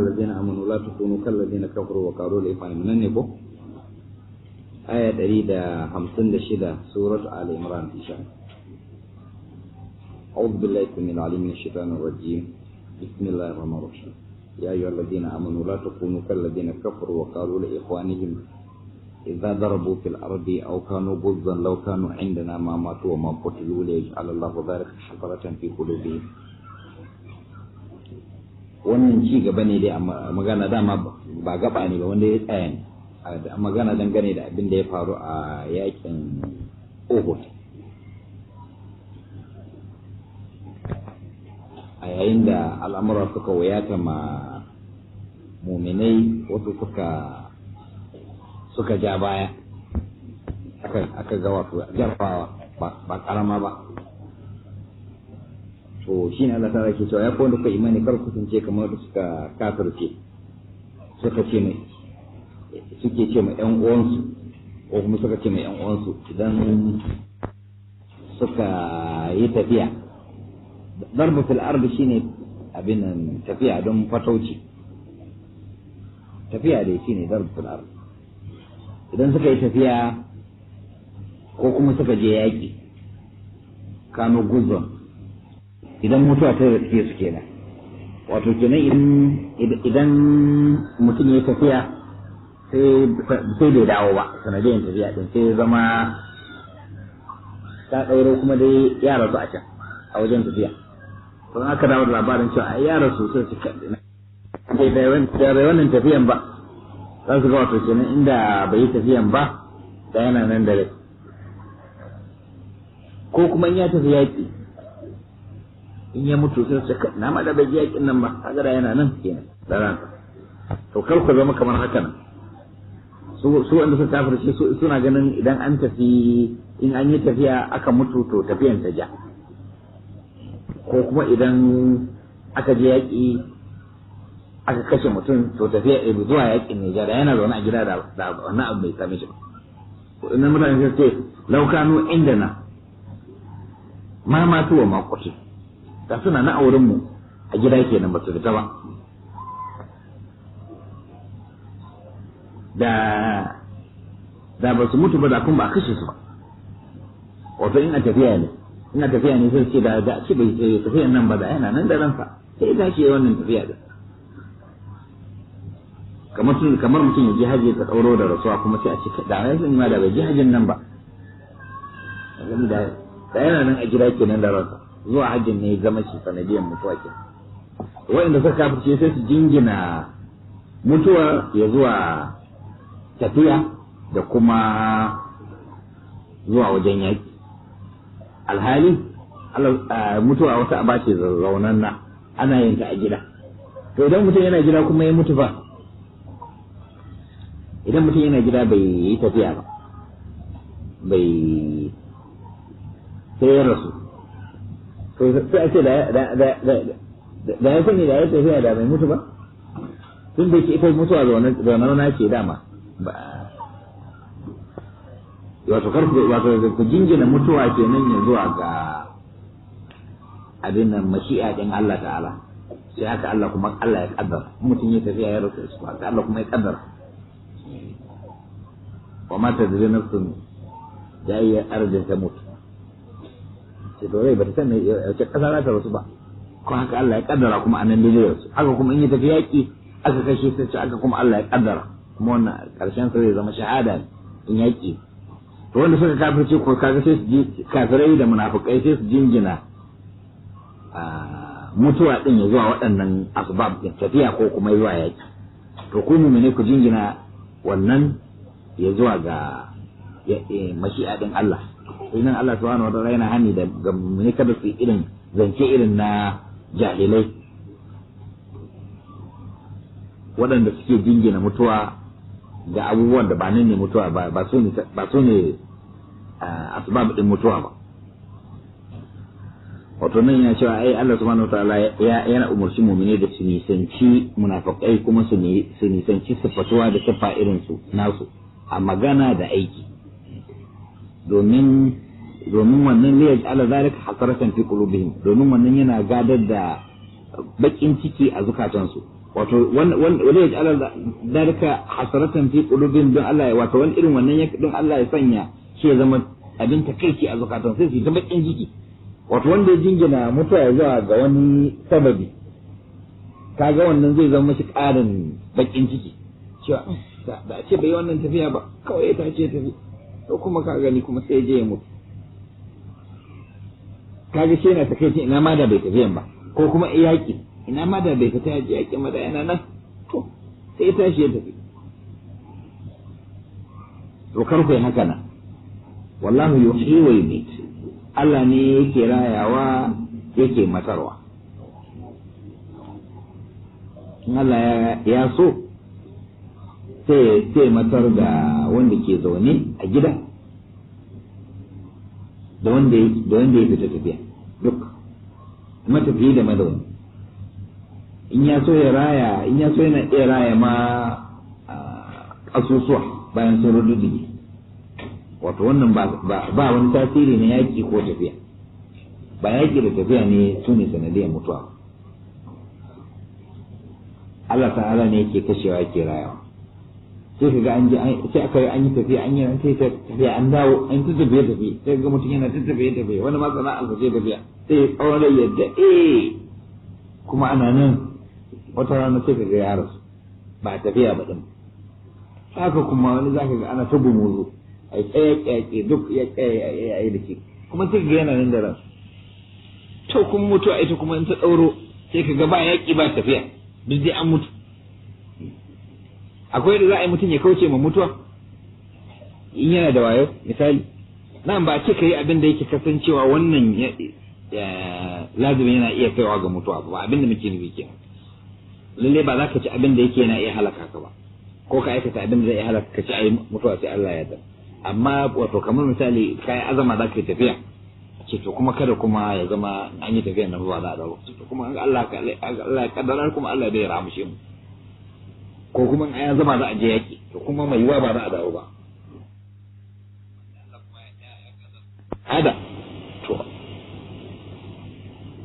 alladhina amanu la takunu kal ladina kafaru wa qalu la yafani minan yako aya 156 surat ali imran insha Allah a'udhu billahi min alim min shaitani rajim bismillahir rahmanir rahim ya ayyuhal amanu la takunu kal kafaru wa qalu li ikhwanihim idza darabu fil ardi aw kanu ghuzzan law kanu indana ma matu wa ma qutilu li ajalla Allahu shukratan fi qulubihim wannan ci gaba ne dai a magana dama ba gaba ne ba wanda ya tsaya ne a magana dangane da abin da ya faru a yakin Uhud a yayin da al'amura suka wayata ma muminai wasu suka ja baya aka ga ba karama ba to ne Allah Ta ke cewa ya ko wanda kuka imani kar kusance kamar da suka kafirce suka ce mai suke ce mai yan uwansu ko kuma suka ce mai yan uwansu idan suka yi tafiya darbu fil ardi shine abin nan tafiya don fatauci tafiya dai shine darbu fil ardi idan suka yi tafiya ko kuma suka je yaƙi kano guzon idan mutuwa ta riske su kenan wato kenan idan mutum ya tafiya sai bai dawo ba sanadiyar tafiya din sai zama ta ɗauro kuma dai yara su a can a wajen tafiya don aka dawo da labarin cewa a yara su sai su kaɗi na bai wannan tafiyan ba za su ga wato kenan inda bai yi tafiyan ba da yana nan da rai ko kuma in ya tafi yaƙi in ya mutu sai ce na ma da bai yakin nan ba kagara yana nan kenan dara to kar ku zama kamar haka nan su su wanda suka kafirce su suna ganin idan an tafi in an yi tafiya aka mutu to tafiyan ta ja ko kuma idan aka je yaƙi aka kashe mutum to tafiya ibu eh, zuwa yaƙin jara yana zaune a gida da wannan abu bai same shi ba ina mutane sai ce laukanu inda ma matu wa makwashe da suna na auren mu a gida kenan ba su fita ba da da ba su mutu ba da kun ba kashe su ba wato ina tafiya ne ina tafiya ne sai ce da da ci bai eh, tafiya nan ba da yana nan da ransa sai da ce wannan tafiya da kamar sun kamar mutum ya ji haji ka tsauro da rasuwa kuma sai a ce da ran sun ma da bai ji hajin nan ba da yana nan a gida kenan da ransa zuwa hajjin ne zama shi sanadiyar mutuwa ke wanda suka kafirce sai su jingina mutuwa ya zuwa tafiya da kuma zuwa wajen yaki alhali mutuwa wata aba ce zaunan na ana yin ta a gida to idan mutum yana gida kuma ya mutu ba idan mutum yana gida bai yi tafiya ba bai sai ya rasu to sai a ce da ya sani da ya tafiya da bai mutu ba tun da ce ita mutuwa zaune na ce dama wato karfe wato ku jingina mutuwa nan ya zuwa ga abin nan mashi'a din Allah ta'ala sai haka Allah kuma Allah ya kaddara mutum ya tafiya ya rasu su haka Allah kuma ya kaddara wa ma tadri nafsun da ya arjin ta mutu sai to rai bata san me ce kasa za ta rasu ba ko haka Allah ya kaddara kuma anan da zai rasu haka kuma in yi tafi yaƙi aka kashe sai ce aka kuma Allah ya kaddara kuma wannan karshen sa zai zama shahada in yaƙi. to wanda suka kafirce ko kaga sai su kafirai da munafikai sai su jingina mutuwa din ya zuwa waɗannan asbab din tafiya ko kuma zuwa yaki to ku ne ku jingina wannan ya zuwa ga eh, mashi'a din Allah idan Allah subhanahu wa ta'ala yana hani da ga kada su irin zance irin na jahilai waɗanda suke jingina mutuwa ga abubuwan da ba nan ne mutuwa ba su ne ba su ne asbab din mutuwa ba wato nan yana cewa ai Allah subhanahu wa ta'ala ya yana umurci mu'mini da su nisanci munafikai kuma su nisanci fatuwa da tafa irin su nasu a magana da aiki domin domin wannan ne ya ala zalika hasaratan fi qulubihim domin wannan yana gadar da bakin ciki a zukatansu wato wani ya ala zalika hasaratan fi qulubihim don Allah ya wato wani irin wannan don Allah ya sanya shi ya zama abin takaici a zukatansu sai su ta bakin ciki wato wanda ya jingina mutuwa zuwa ga wani sababi kaga wannan zai zama shi karin bakin ciki cewa ba a ce bai wannan tafiya ba kawai ya ce tafi to kuma ka gani kuma sai je ya mutu kaga shi yana takaici ina ma da bai tafi ba ko kuma iyaki, ina ma da bai tafi yaƙi yaƙi ma da yana nan to sai ya tashi ya tafi to kar ku yi haka nan wallahu yuhyi wa yumit Allah ne yake rayawa yake matarwa Allah ya so sai sai matar da wanda ke zaune a gida da wanda da wanda ya fita tafiya duk matafiyi da mazauni in ya so ya raya in ya so yana iya raya ma asusuwa bayan sun rududdige wato wannan ba wani tasiri na yaƙi ko tafiya ba yaƙi da tafiya ne su ne sanadiyar mutuwa Allah ta'ala ne yake kashewa yake rayawa sai ka ga an je sai aka yi an yi tafiya an yi an kai tafiya an dawo an ta tafiya tafiya sai ga mutum yana ta tafiya tafiye wani ma sana'ar sa tafiya sai tsawon rai yadda eh kuma ana nan wata rana sai ka ga ya rasu ba tafiya ba din haka kuma wani zaka ga ana ta a yi tsaye tsaye duk ya tsaye ya yi da ke. kuma sai ga yana nan da ran to kuma mutu a ita kuma in ta ɗauro sai ka ga ba yaƙi ba tafiya duk dai an mutu akwai da za a yi mutum ya kauce ma mutuwa in yana da wayo misali nan ba ce ka yi abin da yake kasancewa wannan lazumin yana iya kaiwa ga mutuwa ba abin da muke nufi ke lalle ba za ka ci abin da yake yana iya halaka ka ba ko ka aikata abin da zai iya halaka ka ci ai mutuwa sai Allah ya dan amma wato kamar misali yi azama za ka yi tafiya ce to kuma kada kuma ya zama an yi tafiya na ba za a dawo to kuma Allah Allah ya kaddara kuma Allah ya shi mu ko kuma in aya zama za a je yaƙi to kuma mai yiwa ba za a dawo ba ada to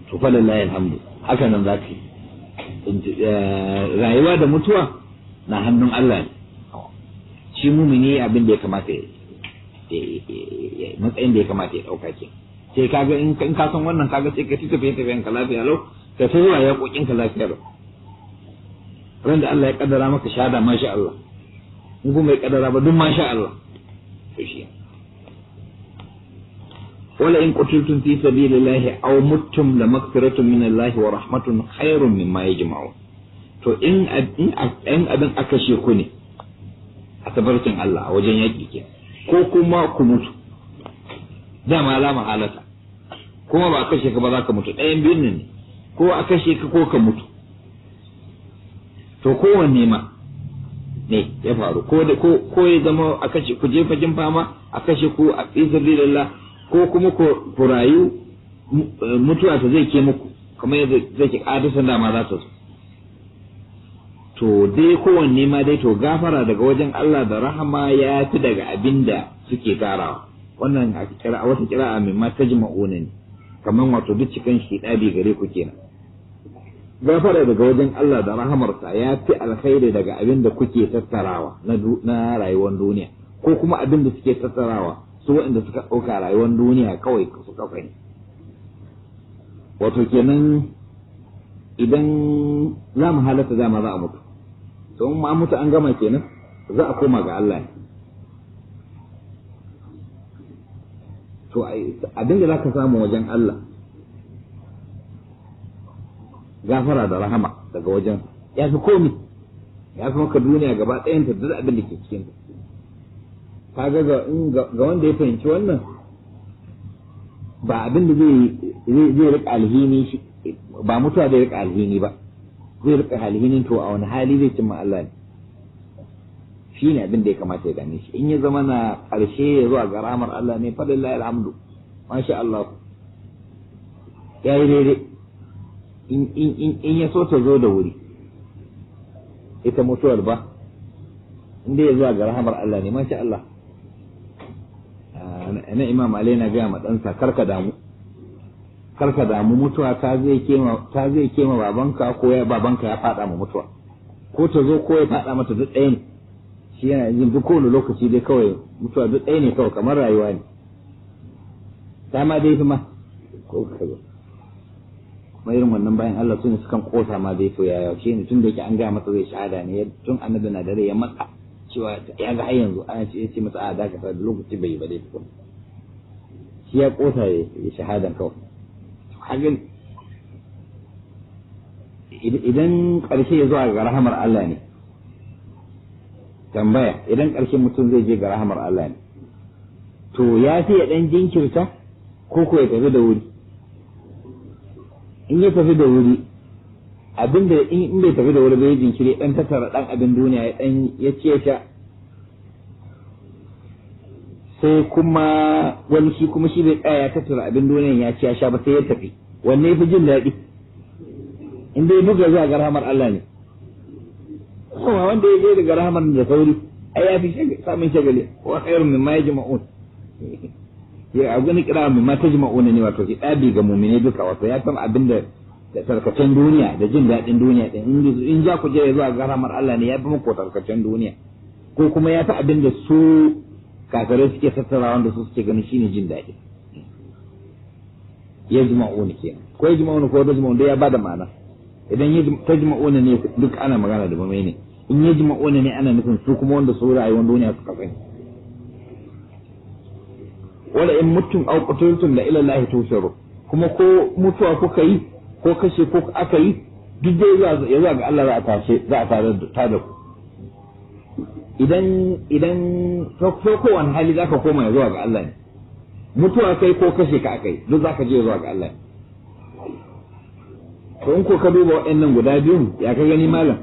to fa lillahi alhamdu haka nan zaka rayuwa da mutuwa na hannun Allah ne shi mumini abin da ya kamata ya matsayin da ya kamata ya dauka ke sai kaga in ka san wannan kaga sai ka tafi tafiyan ka lafiya lau ka tafi zuwa ya kokin ka lafiya lau ran da Allah ya kaddara maka shahada masha Allah in kuma ya kaddara ba duk masha Allah to shi wala in qutiltum fi sabilillahi aw muttum la maghfiratu min Allah wa rahmatun khairun mimma yajma'u to in in in abin aka she ku ne a tabarkin Allah a wajen yaki ke ko kuma ku mutu dama alama halata kuma ba kashe ka ba za ka mutu ɗayan biyun ne ko a kashe ka ko ka mutu to kowanne ma ne ya faru ko da ko ko ya zama a kashe ku je fagen fama a kashe ku a fisabilillah ko kuma ku rayu eh, mutuwa ta zai ke muku kamar yadda zai ke dama za ta to dai kowanne ma dai to gafara daga wajen Allah da rahama ya fi daga abinda da suke karawa wannan a wata kira'a mai ma tajma'una ne kamar wato duk cikin shi ɗabi gare ku kenan gafara daga wajen Allah da rahamarsa ya fi alkhairi daga abin da kuke tattarawa na rayuwar duniya ko kuma abin da suke tattarawa su waɗanda suka ɗauka rayuwar duniya kawai su ne. wato kenan idan za mu halatta za mu za a mutu to in ma mutu an gama kenan za a koma ga Allah ne to abin da za ka samu wajen Allah gafara da rahama daga wajen ya fi komi ya fi maka duniya gaba ɗayan ta duk abin da ke cikin ta ga ga wanda ya fahimci wannan ba abin da zai rika alhini shi ba mutuwa zai rika alhini ba zai rika alhini to a wani hali zai cimma Allah ne shi ne abin da ya kamata ya gane shi in ya zama na ƙarshe ya zuwa ga ramar Allah ne fadillahi alhamdu masha Allah ya yi daidai in ya so ta zo da wuri ita mutuwar ba inda ya zuwa ga rahamar Allah ne masha Allah ah, na imam Ali na gaya ma ɗansa karka damu karka damu mutuwa ta zai kema babanka ko ya babanka ya fada ma mutuwa ko ta zo ko ya fada mata duk ɗaya ne shi yana yin duk kowane lokaci dai kawai mutuwa duk ɗaya ne kawai kamar rayuwa ne ta ma dai fi ma ko ka zo kuma irin wannan bayan Allah su ne sukan kosa ma zai koya ya ne tun da yake an gaya masa zai shahada ne tun annabi na dare ya matsa cewa ya ga har yanzu an ce yace masa a da ka lokaci bai ba dai tukun shi ya kosa ya shahadan kawai hagan idan karshe ya zo ga rahamar Allah ne tambaya idan karshe mutum zai je ga rahamar Allah ne to ya fi ya ɗan jinkirta ko ko ya tafi da wuri in ya tafi da wuri abin da in bai tafi da wuri bai jinkiri dan tattara dan abin duniya ya dan ya ce sha sai kuma wani shi kuma shi bai tsaya ya tattara abin duniya ya ce sha ba sai ya tafi wanne ya fi jin daɗi in dai buga zuwa ga rahamar Allah ne kuma wanda ya je daga rahamar da sauri ai ya fi samun shagali wa khairun mimma yajma'un ya wani kira mu ma tajma'una ne wato hidabi ga mu'mine duka wato ya san abin da tarkacen duniya da jin dadin duniya din in in ja ku je zuwa ga ramar Allah ne ya bi muku tarkacen duniya ko kuma ya ta abin da su kafirai suke tattara wanda su suke ganin shine jin daɗi ne kenan ko ne ko yajma'una ne ya bada ma'ana idan ya tajma'una ne duk ana magana da mu'mine in ya yajma'una ne ana nufin su kuma wanda su rayuwar duniya suka sani wala in mutum aw qutultum la ila lahi tusharu kuma ko mutuwa kuka yi ko kashe ko aka yi duk dai ya zuwa ga Allah za a tashe za a tare da ku idan idan ko wani hali zaka koma ya zuwa ga Allah ne mutuwa kai ko kashe ka akai duk zaka je zuwa ga Allah ne to in ko ka duba waɗannan guda biyun ya ka gani malam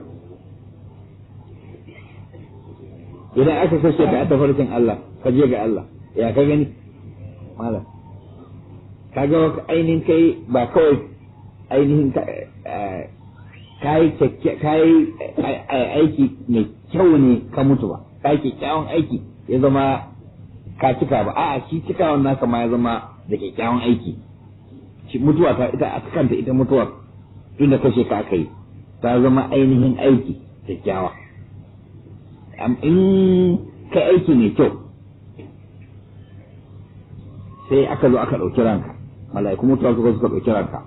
idan aka kashe ka a tafarkin Allah ka je ga Allah ya ka gani malam kaga ainihin kai ba kawai ainihin eh, kai eh, eh, aiki mai kyau ne ka mutu ba kai kyakkyawan aiki ya zama ka cika ba a'a shi cikawan naka ma ya zama da kyakkyawan aiki shi mutuwa ta ita a kanta ita mutuwa tunda kashe ka aka yi ta zama ainihin aiki kyakkyawa in ka aiki mai kyau sai aka zo aka ɗauki ranka mala'iku mutuwa suka suka ɗauki ranka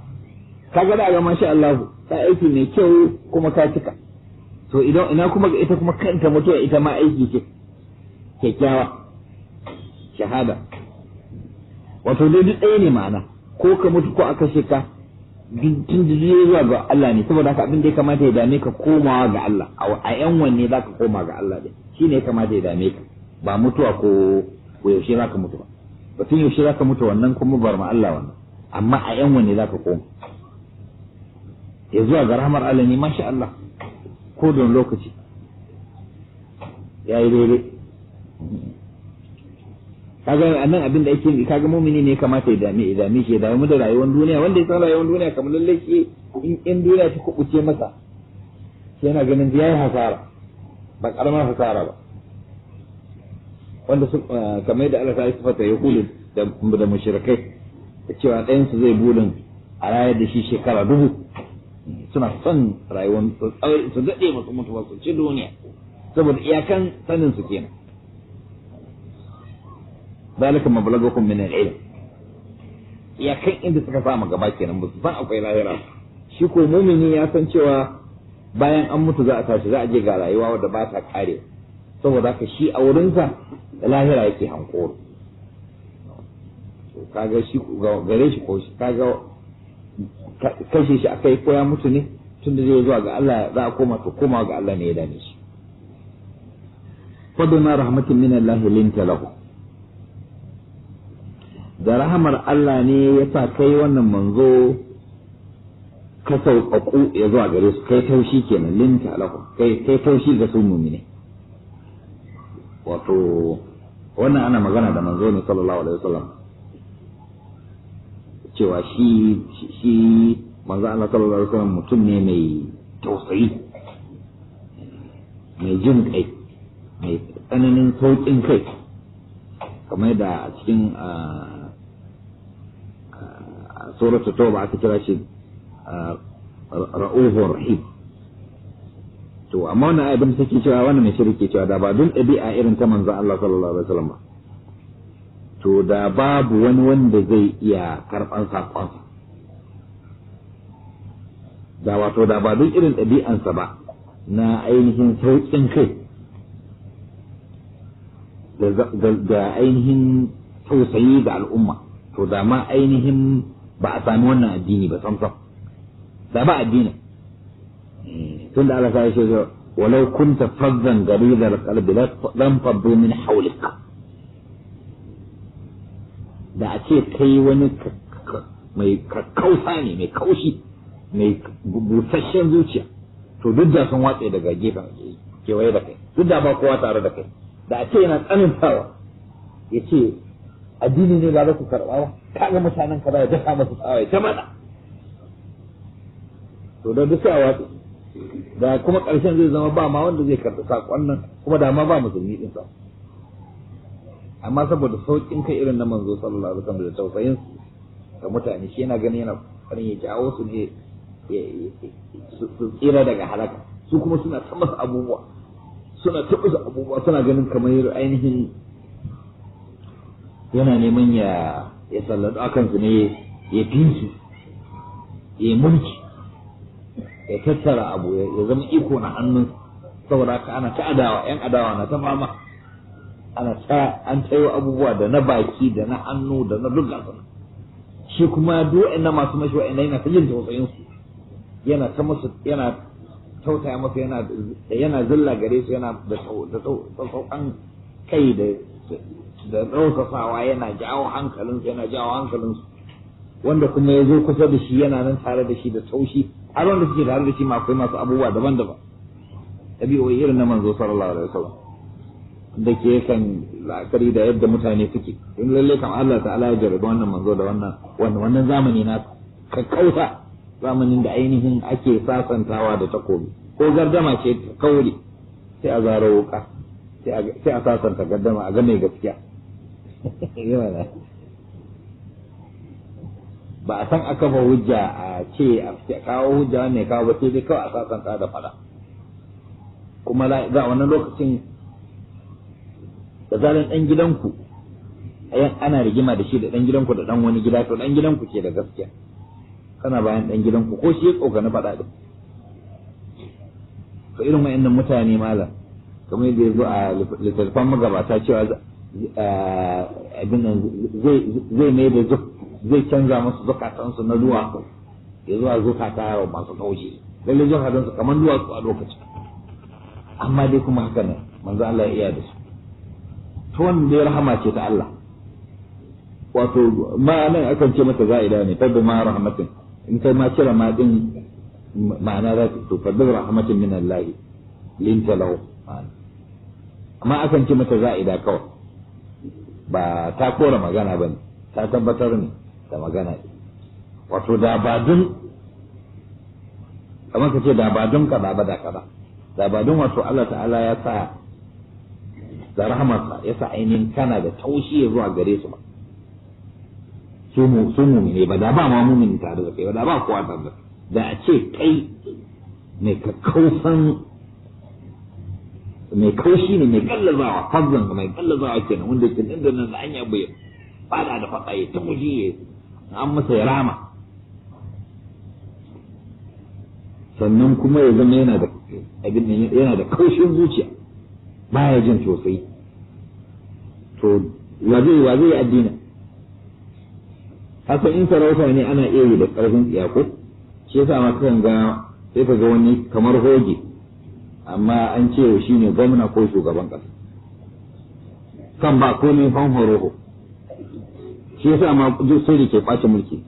ga da ma sha Allah ta aiki mai kyau kuma ka cika to idan ina kuma ga ita kuma kanta mutuwa ita ma aiki ce kyakkyawa shahada wato dai duk ɗaya ne ma'ana ko ka mutu ko aka kashe ka tun jijiyoyi zuwa ga Allah ne saboda haka abin da ya kamata ya dame ka komawa ga Allah a yan wanne za ka koma ga Allah ɗin shi ne ya kamata ya dame ka ba mutuwa ko yaushe za ka mutu ba batun yaushe za ka mutu wannan kuma bar ma Allah wannan amma a yan wanne za ka koma ya zuwa ga rahmar Allah ne masha Allah ko don lokaci ya yi daidai kaga a abin da ake kaga mumini ne kamata ya dame ya dami shi ya dame da rayuwar duniya wanda ya san rayuwar duniya kamar lallai ke in in duniya ta kubuce masa yana ganin ya yi hasara ba karamar hasara ba wanda su ah, kamar da Allah ta yi sifata ya hulun da mushrikai cewa ɗayansu zai burin a rayar da shi shekara dubu suna son rayuwar su daɗe masu mutuwa su ci duniya saboda iyakan sanin su kenan zalika mablagakum min al-ilm iyakan inda suka samu gaba kenan ba su san akwai lahira shi ko mumini ya san cewa bayan an mutu za a tashi za a je ga rayuwa wadda ba ta kare saboda haka shi a wurinsa da lahira yake hankoro kaga shi gare shi ko shi kaga kashe shi akai ko ya mutu ne tunda zai zuwa ga Allah za a koma to koma ga Allah ne ya dame shi na rahmatin min Allah linta lahu da rahamar Allah ne ya sa kai wannan manzo ka sauƙaƙu ya zuwa gare su kai taushi kenan linta lahu kai kai taushi ga su mu'mini wato wannan ana magana da manzo ne sallallahu alaihi wasallam cewa shi shi manzo Allah sallallahu alaihi wasallam mutum ne mai tausayi mai jin kai mai tsananin sauƙin kai kamar da a cikin suratul tauba aka kira shi ra'ufur rahim to amma wannan abin da take cewa wannan mai shirki cewa da ba dun ɗabi'a irin ta manzo Allah sallallahu alaihi wasallam ba to da babu wani wanda zai iya karɓan saƙon da wato da ba dun irin ɗabi'ansa ba na ainihin sauƙin kai da ainihin tausayi ga al'umma to da ma ainihin ba a sami wannan addini ba samsam da ba addinin tunda Allah ya ce ga walau kunta fazzan da kalbi lam fadu min hawlik da a ce kai wani mai kakkausa ne mai kaushi mai busasshen zuciya to duk da sun watse daga gefen kewaye da kai duk da ba kowa tare da kai da a ce yana tsanantawa ya ce addini ne ba za ku karɓa ba kaga mutanen ka ba ya dafa masu tsawa ya ta mana to da duk sai a watse da kuma ƙarshen zai zama ba ma wanda zai karɓi saƙon nan kuma da ma ba musulmi din sa amma saboda sauƙin kai irin na manzo sallallahu alaihi wasallam da tausayin ga mutane shi yana ganin yana farin ya jawo su ne su tsira daga halaka su kuma suna ta masa abubuwa suna ta masa abubuwa suna ganin kamar ainihin yana neman ya ya sallatu akan su ne ya fi su ya mulki ya tattara abu ya zama iko na hannun saboda ka ana ta adawa yan adawa na ta fama ana ta an tsayo abubuwa da na baki da na hannu da na duk gasar shi kuma duk na masu mashi wa'ina yana ta jin tausayin su yana ta musu yana tausaya masa yana yana zilla gare su yana da sauƙan kai da da ɗaukasawa yana jawo hankalinsu yana jawo hankalinsu wanda kuma ya zo kusa da shi yana nan tare da shi da taushi abin da suke tare da shi ma akwai masu abubuwa daban-daban ɗabi'o'i irin na manzo sallallahu alaihi wasallam da ke kan la'akari da yadda mutane suke in lalle kan Allah ta'ala ya jarabi wannan manzo da wannan wannan wannan zamani na kakkauta zamanin da ainihin ake sasantawa da takobi ko gardama ce kauri sai a zaro wuka sai a sasanta gardama a ga mai gaskiya ba a san a ba hujja a ce a kawo hujja wanne kawo ba sai dai kawai a sasan ka da fada kuma za a wannan lokacin da zalin dan gidanku ana rigima da shi da dan gidanku da dan wani gida to dan gidanku ke da gaskiya kana bayan dan gidanku ko shi ya tsokani fada din ka irin wayannan mutane malam kamar yadda ya zo a littattafan magabata cewa eh, abin zai mai da zai canza musu zukatansu na duwatsu ya zuwa zukata yawa masu kaushi lalle zukatansu kamar duwatsu a lokacin amma dai kuma haka ne manzo Allah ya iya da su to wannan dai rahama ce ta Allah wato ma'anan akan ce mata za'ida ne tabbu ma rahmatin in kai ma kira ma din ma'ana za ta to tabbi rahmatin min Allah lin talau amma akan ce mata za'ida kawai ba ta kora magana bane ta tabbatar ne da magana wato da ba dun kamar ka ce da ba dun ba da kaza da ba dun wato Allah ta'ala ya sa da rahamarsa ya sa ainihin kana da taushi zuwa gare su ba su mu ne ba da ba ma mumin tare da kai ba da ba kowa tare da da a ce kai ka kausan mai kaushi ne mai kallazawa fazzan mai kallazawa kenan wanda ke nan da nan da hanya bai fada da faɗa ya ta ya an masa ya rama sannan kuma ya zama yana da abin yana da kaushin zuciya baya jin sosai to wa zai wa zai addini haka in sarauta ne ana iya yi da karfin iyako shi yasa ma kan ga sai ka ga wani kamar hoge amma an ce shi ne gwamna ko shugaban ƙasa. kan ba komai fan horo shi yasa ma duk da ke kwace mulki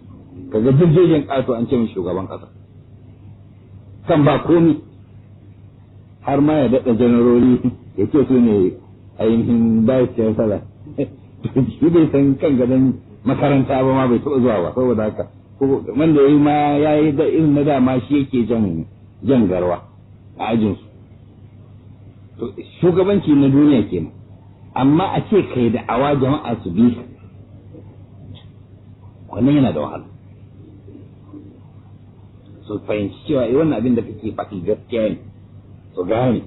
kaga duk jejen ƙato an ce min shugaban ƙasa kan ba komi har ma ya daɗa janarori ya ce su ne ainihin bayan siyasara shi bai san kan gadon makaranta ba ma bai taɓa zuwa ba saboda haka wanda ya yi ma ya yi da irin na dama shi yake jan jan garwa a ajinsu shugabanci na duniya kenan amma a ce kai da awa jama'a su bi wannan yana da wahala su fahimci cewa yi eh, wannan abin da kake faɗi gaskiya ne su gane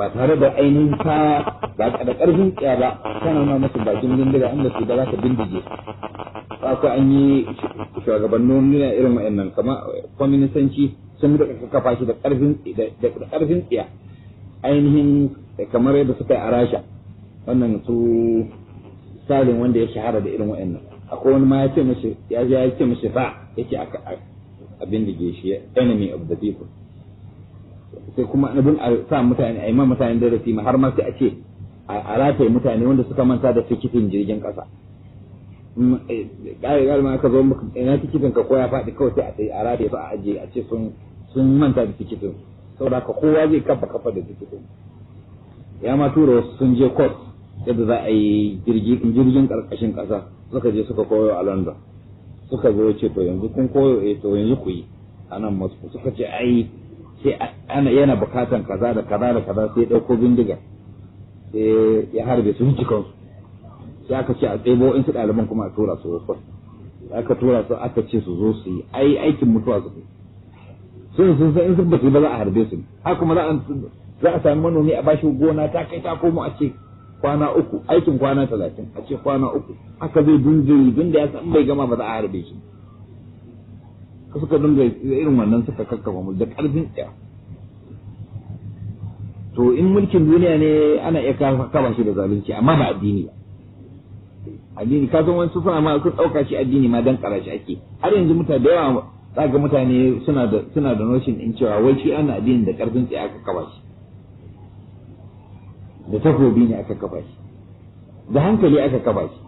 ba tare da ainihin kaya ba da ƙarfin tsaya ba kana ma masu bakin bindiga inda su da za ka bindige ba ku an yi shugabannin nuna irin wa'annan kama kwaminisanci sun da kafa shi da ƙarfin tsaya ainihin kamar yadda suka yi a rasha wannan su salin wanda ya shahara da irin wa'annan akwai wani ma ya ce mishi ya ji ya ce mishi fa yake aka abin da ke shi enemy of the people sai kuma abin a sa mutane a yi mutane darasi ma har ma sai a ce a rataye mutane wanda suka manta da tikitin jirgin kasa ƙari ƙari ma aka zo ina tikitin ka koya faɗi kawai sai a sai a rataye su a ajiye a ce sun sun manta da tikitin saboda ka kowa zai kafa kafa da tikitin ya ma tura wasu sun je court yadda za a yi jirgin ƙarƙashin ƙasa suka je suka koyo a london suka zo ce to yanzu kun koyo eh to yanzu ku yi a nan moscow suka ce ai sai ana yana bukatan kaza da kaza da kaza sai ɗauko bindiga sai ya harbe su cikin sai aka ce a tsebo in su ɗaliban kuma a tura su wasu aka tura su aka ce su zo su yi ai aikin mutuwa su sun sun san in sun ba ba za a harbe su haka kuma za a sami manomi a bashi gona ta kai ta komo a ce kwana uku aikin kwana talatin a ce kwana uku haka zai dunjiri dun da ya san bai gama ba za a harbe shi Ka suka dunga irin wannan suka kakkama mu da karfin tsaya to in mulkin duniya ne ana iya kama shi da zalunci amma ba addini ba addini ka san wani suna ma sun ɗauka shi addini ma dan karashi ake har yanzu mutane da yawa za mutane suna da suna da notion in cewa wai shi ana addini da karfin tsaya aka kaba shi da takobi ne aka kafa shi da hankali aka kafa shi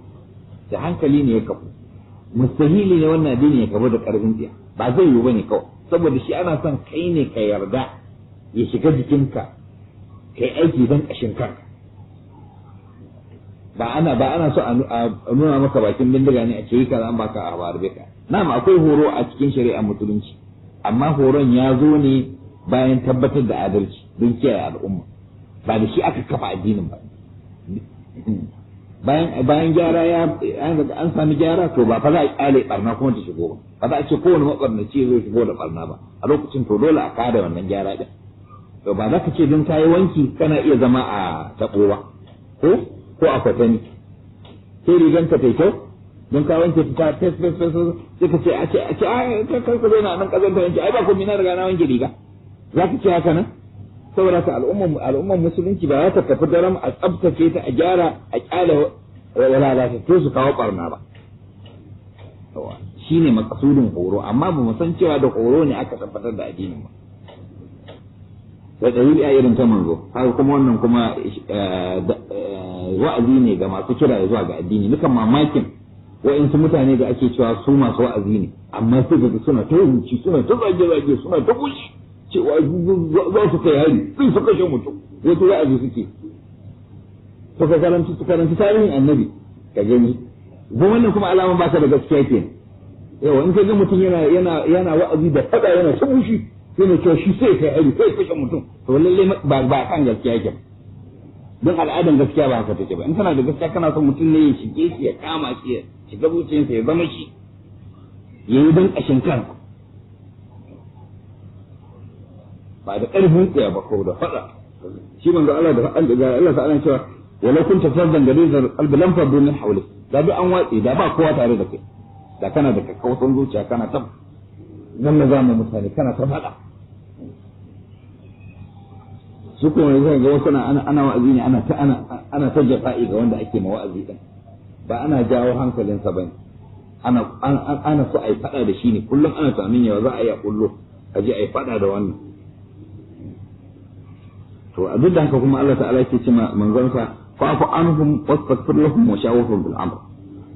da hankali ne ya kafu mustahili ne wannan addini ya kafu da karfin tsiya ba zai yiwu bane kawai saboda shi ana son kai ne ka yarda ya shiga jikinka kai aiki don kashin kanka ba ana ba ana so a nuna maka bakin bindiga ne a ce kaza an baka a barbe ka na'am akwai horo a cikin shari'a musulunci amma horon ya zo ne bayan tabbatar da adalci don kiyaye al'umma ba da shi aka kafa addinin ba bayan bayan gyara ya an sami gyara to ba fa za a kyale barna kuma ta shigo ba ba za a ce kowane mabarnaci zai shigo da barna ba a lokacin to dole a kada wannan gyara din to ba za ka ce don kayi wanki kana iya zama a tabo ba ko ko a kwatani sai riganka ta kyau don ka wanke ta fes fes fes sai ka ce a ce a ce a kar ka zo na nan kazanta wanke ai ba ko mina riga na wanke riga za ka ce haka nan saboda ta al'umman al'ummar musulunci ba za ta tafi daram a tsabtace ta a gyara a kyale lalatattu su kawo barna ba shine makasudin horo amma ba mu san cewa da horo ne aka tabbatar da addinin ba da dalili a irin ta manzo har kuma wannan kuma eh, eh, wa'azi ne ga masu kira zuwa ga addini nukan mamakin wa'insu mutane da ake cewa su masu wa'azi ne amma su ga suna ta suna ta zage-zage suna ta kushi cewa za su kai hari sun su kashe mutum a ra'ayi suke suka karanci su karanci tarihin annabi ka gani ba wannan kuma alama ba ta da gaskiya ke yawa in ka ga mutum yana yana yana wa'azi da fada yana sai yana cewa shi sai kai hari sai kashe mutum to lalle ba ba kan gaskiya ke don al'adan gaskiya ba haka take ba in tana da gaskiya kana son mutum ne ya shige shi ya kama shi ya shiga zuciyarsa ya zama shi ya yi don ƙashin kanka ba da ƙarfin tsaya ba ko da faɗa shi manzo Allah da ga Allah ta Allah cewa walau kunta fardan galizar albilan fardu min hawli da bi an watsi da ba kowa tare da kai da kana da kakkautan zuciya kana ta zanna zamu mutane kana ta faɗa su kuma yanzu ga wasu ana ana wa'azi ne ana ta ana ana ta jafa'i ga wanda ake ma wa'azi din ba ana jawo hankalinsa ne ana ana so yi faɗa da shi ne kullum ana ta yawa za a yi a kullu a je a yi faɗa da wannan to duk da haka kuma Allah ta'ala yake cewa manzon sa fa'fu anhum wastaghfir lahum wa shawhum bil amr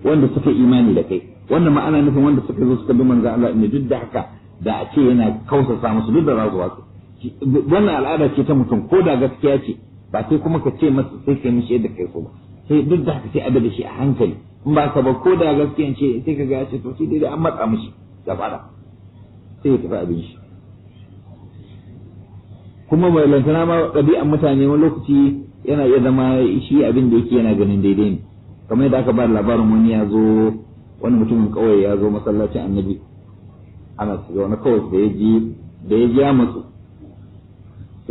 wanda suka imani da kai wannan ma'ana nufin wanda suka zo suka bi manzon Allah ne duk da haka da a ce yana kausasa musu duk da razuwa su wannan al'ada ce ta mutum ko da gaskiya ce ba sai kuma ka ce masa sai kai mishi yadda kai so ba sai duk da haka sai a shi a hankali in ba ka ba ko da gaskiya ce sai ka ga ya ce to sai dai an matsa mishi gaba da sai ya tafi abin shi kuma mai lantana ma ɗabi'an mutane wani lokaci yana iya zama shi abin da yake yana ganin daidai ne kamar yadda aka ba labarin wani ya zo wani mutumin kawai ya zo masallacin annabi ana ga wani kawai da ya ji da ya ji ya matsu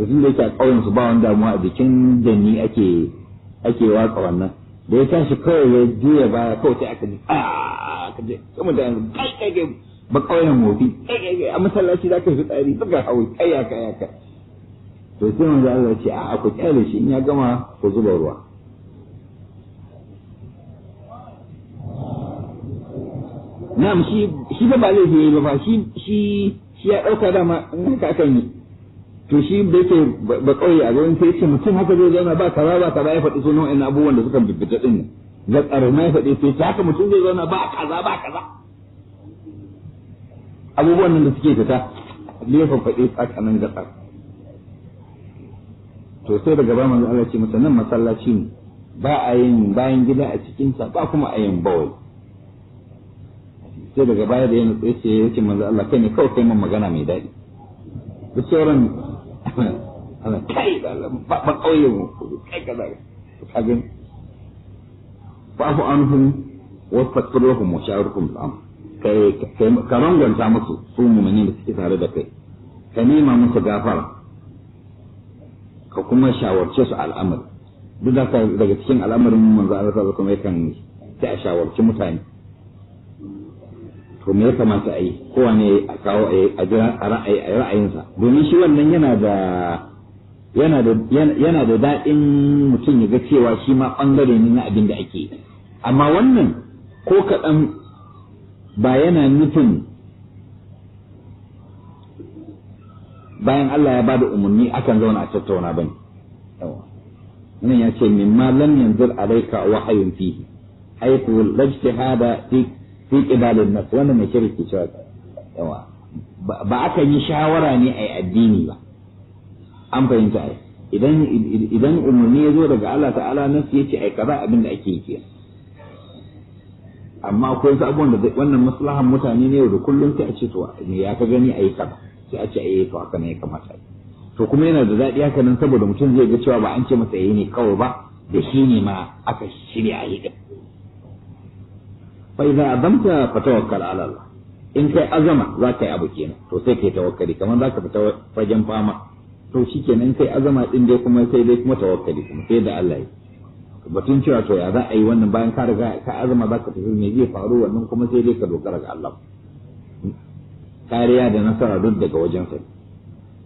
to tun da yake a ƙauyen su ba wani damuwa a bikin danni ake ake watsa wannan da ya tashi kawai ya juya ba kawai sai aka ji ah! aka ji kuma da yanzu kai kai kai ba ƙauyen mofi kai kai kai a masallaci za ka fi tsari buga hawi kai ya kai ya kai to sai manzo Allah ce a ku kyale shi in ya gama ku zuba ruwa na'am shi shi ba zai yi ba shi shi shi ya dauka dama in ka kan yi to shi bai ke ba kauye a gurin sai ce mutum haka zai zauna ba kaza ba kaza ya faɗi sunan wa'annan abubuwan da suka bibbita din nan da tsarna ya faɗi sai haka mutum zai zauna ba kaza ba kaza abubuwan nan da suke fita ne faɗi tsakanin gatsar to sai daga ba manzo Allah ce masa nan masallaci ne ba a yin bayan gida a cikin sa ba kuma a yin bawai sai daga baya da yana tsaye ce yake manzo Allah kai ne kawai kai mun magana mai daɗi duk sauran ana kai da Allah ba ba kauye mu kai kaza kaga fa'fu anhum wa fastaqruhum wa sha'rukum fil amr kai ka gwanta musu su ne da suke tare da kai ne ma musu gafara ka kuma shawarce su al'amari duk da daga cikin al'amarin manzo Allah sallallahu alaihi wasallam yakan ta shawarci mutane to me ya kamata a yi ne a kawo a jira a ra'ayi a ra'ayinsa domin shi wannan yana da yana da yana da daɗin mutum ya ga cewa shi ma ɓangare ne na abin da ake amma wannan ko kaɗan ba yana nufin bayan Allah ya bada umarni akan zauna a tattauna bane nan ya ce mimma lam yanzur alayka hayun fi ay ku lajtihada fi fi qibalin nas wannan ne shirki cewa yawa ba aka yi shawara ne ai addini ba an fahimta ai idan idan umarni ya zo daga Allah ta'ala nas yace ai kaza abin da ake yi amma akwai wasu abubuwan da wannan maslahan mutane ne yau da kullum ta ce to ya ka gani ai kaza sai a ce eh to haka ne ya kamata to kuma yana da daɗi haka nan saboda mutum zai ga cewa ba an ce masa yayi eh, ne kawai ba da shi ne ma aka shirya a yi din fa idza azamta tawakkal ala Allah in kai azama za ka yi abu kenan to sai kai tawakkali kamar za ka fita fagen fama to shikenan in kai azama din dai kuma sai dai kuma tawakkali kuma sai da Allah ya batun cewa to ya za a yi wannan bayan ka riga ka azama za ka tafi me zai faru wannan kuma sai dai ka dogara ga Allah kariya da nasara duk daga wajensa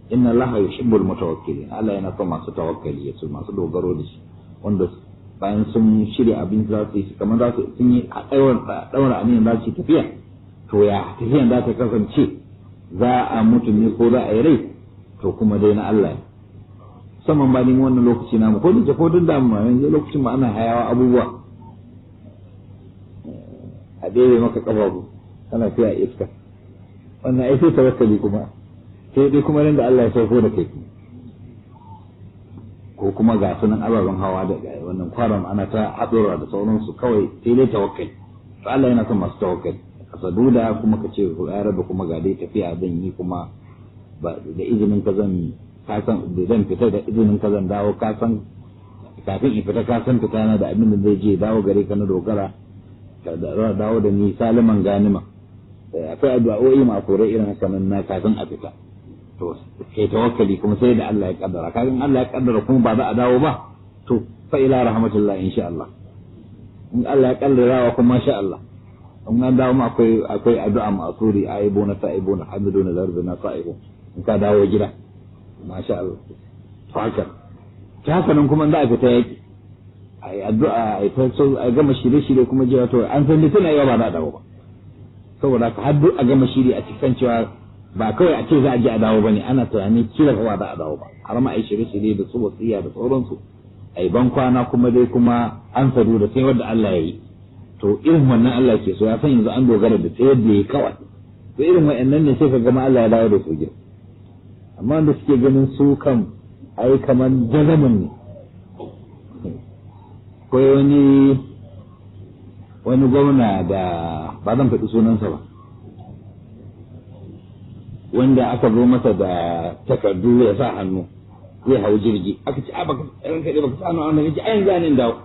inna allaha yuhibbul mutawakkilin Allah yana son masu tawakkali ya su masu dogaro da shi wanda bayan sun shirya abin za su yi kamar za su sun yi a a aniyan za su tafiya to ya tafiyan za ta kasance za a mutu ne ko za a yi rai to kuma dai na Allah ne saman ba nemi wannan lokaci mu ko da ko duk da mu yanzu lokacin ma ana hayawa abubuwa a ɗebe maka ƙafafu kana fiya iska wannan ai sai tawakkali kuma sai dai kuma nan da Allah ya sauko da kai ko kuma ga sunan ababen hawa da wannan kwaram ana ta hadura da sauransu kawai sai dai tawakkali to Allah yana son masu tawakkali ka saduda kuma ka ce ku ya kuma ga dai tafiya zan yi kuma ba da izinin ka zan ka san da zan fita da izinin ka zan dawo ka san kafin in fita ka san fita na da abin da zai je dawo gare ka na dogara da dawo da ni saliman ganima Eh, akwai addu'o'i makurai irin sanan na kafin a fita to sai tawakkali kuma sai da Allah ya kaddara kafin Allah ya kaddara kuma ba za a dawo ba to fa ila rahmatullah insha Allah in Allah ya kaddara wa kuma insha Allah in an dawo ma akwai akwai addu'a ma'suri aibuna ta'ibuna hamiduna zarbuna sa'ibu in ka dawo gida masha Allah to haka ta haka nan kuma za a fita yaki ai addu'a ai fa so a gama shirye-shirye kuma jiya to an san tana yawa ba za a dawo ba saboda ka har duk a gama shiri a cikin cewa ba kawai a ce za a je a dawo ne, ana tunani kila kowa za a dawo ba har ma a yi shirye-shirye da su wasiya da sauransu a yi ban kwana kuma dai kuma an sadu da sai wanda Allah ya yi to irin wannan Allah ke so ya san yanzu an dogara da sai da ya kawai to irin wa'annan ne sai ka gama Allah ya dawo da su gida amma da suke ganin su kan ai kaman jazamin ne ko wani wani gwamna da ba zan faɗi sunansa ba wanda aka zo masa da takardu ya sa hannu zai hau jirgi aka ci a baka kaɗe baka sa hannu a wani a yanzu dawo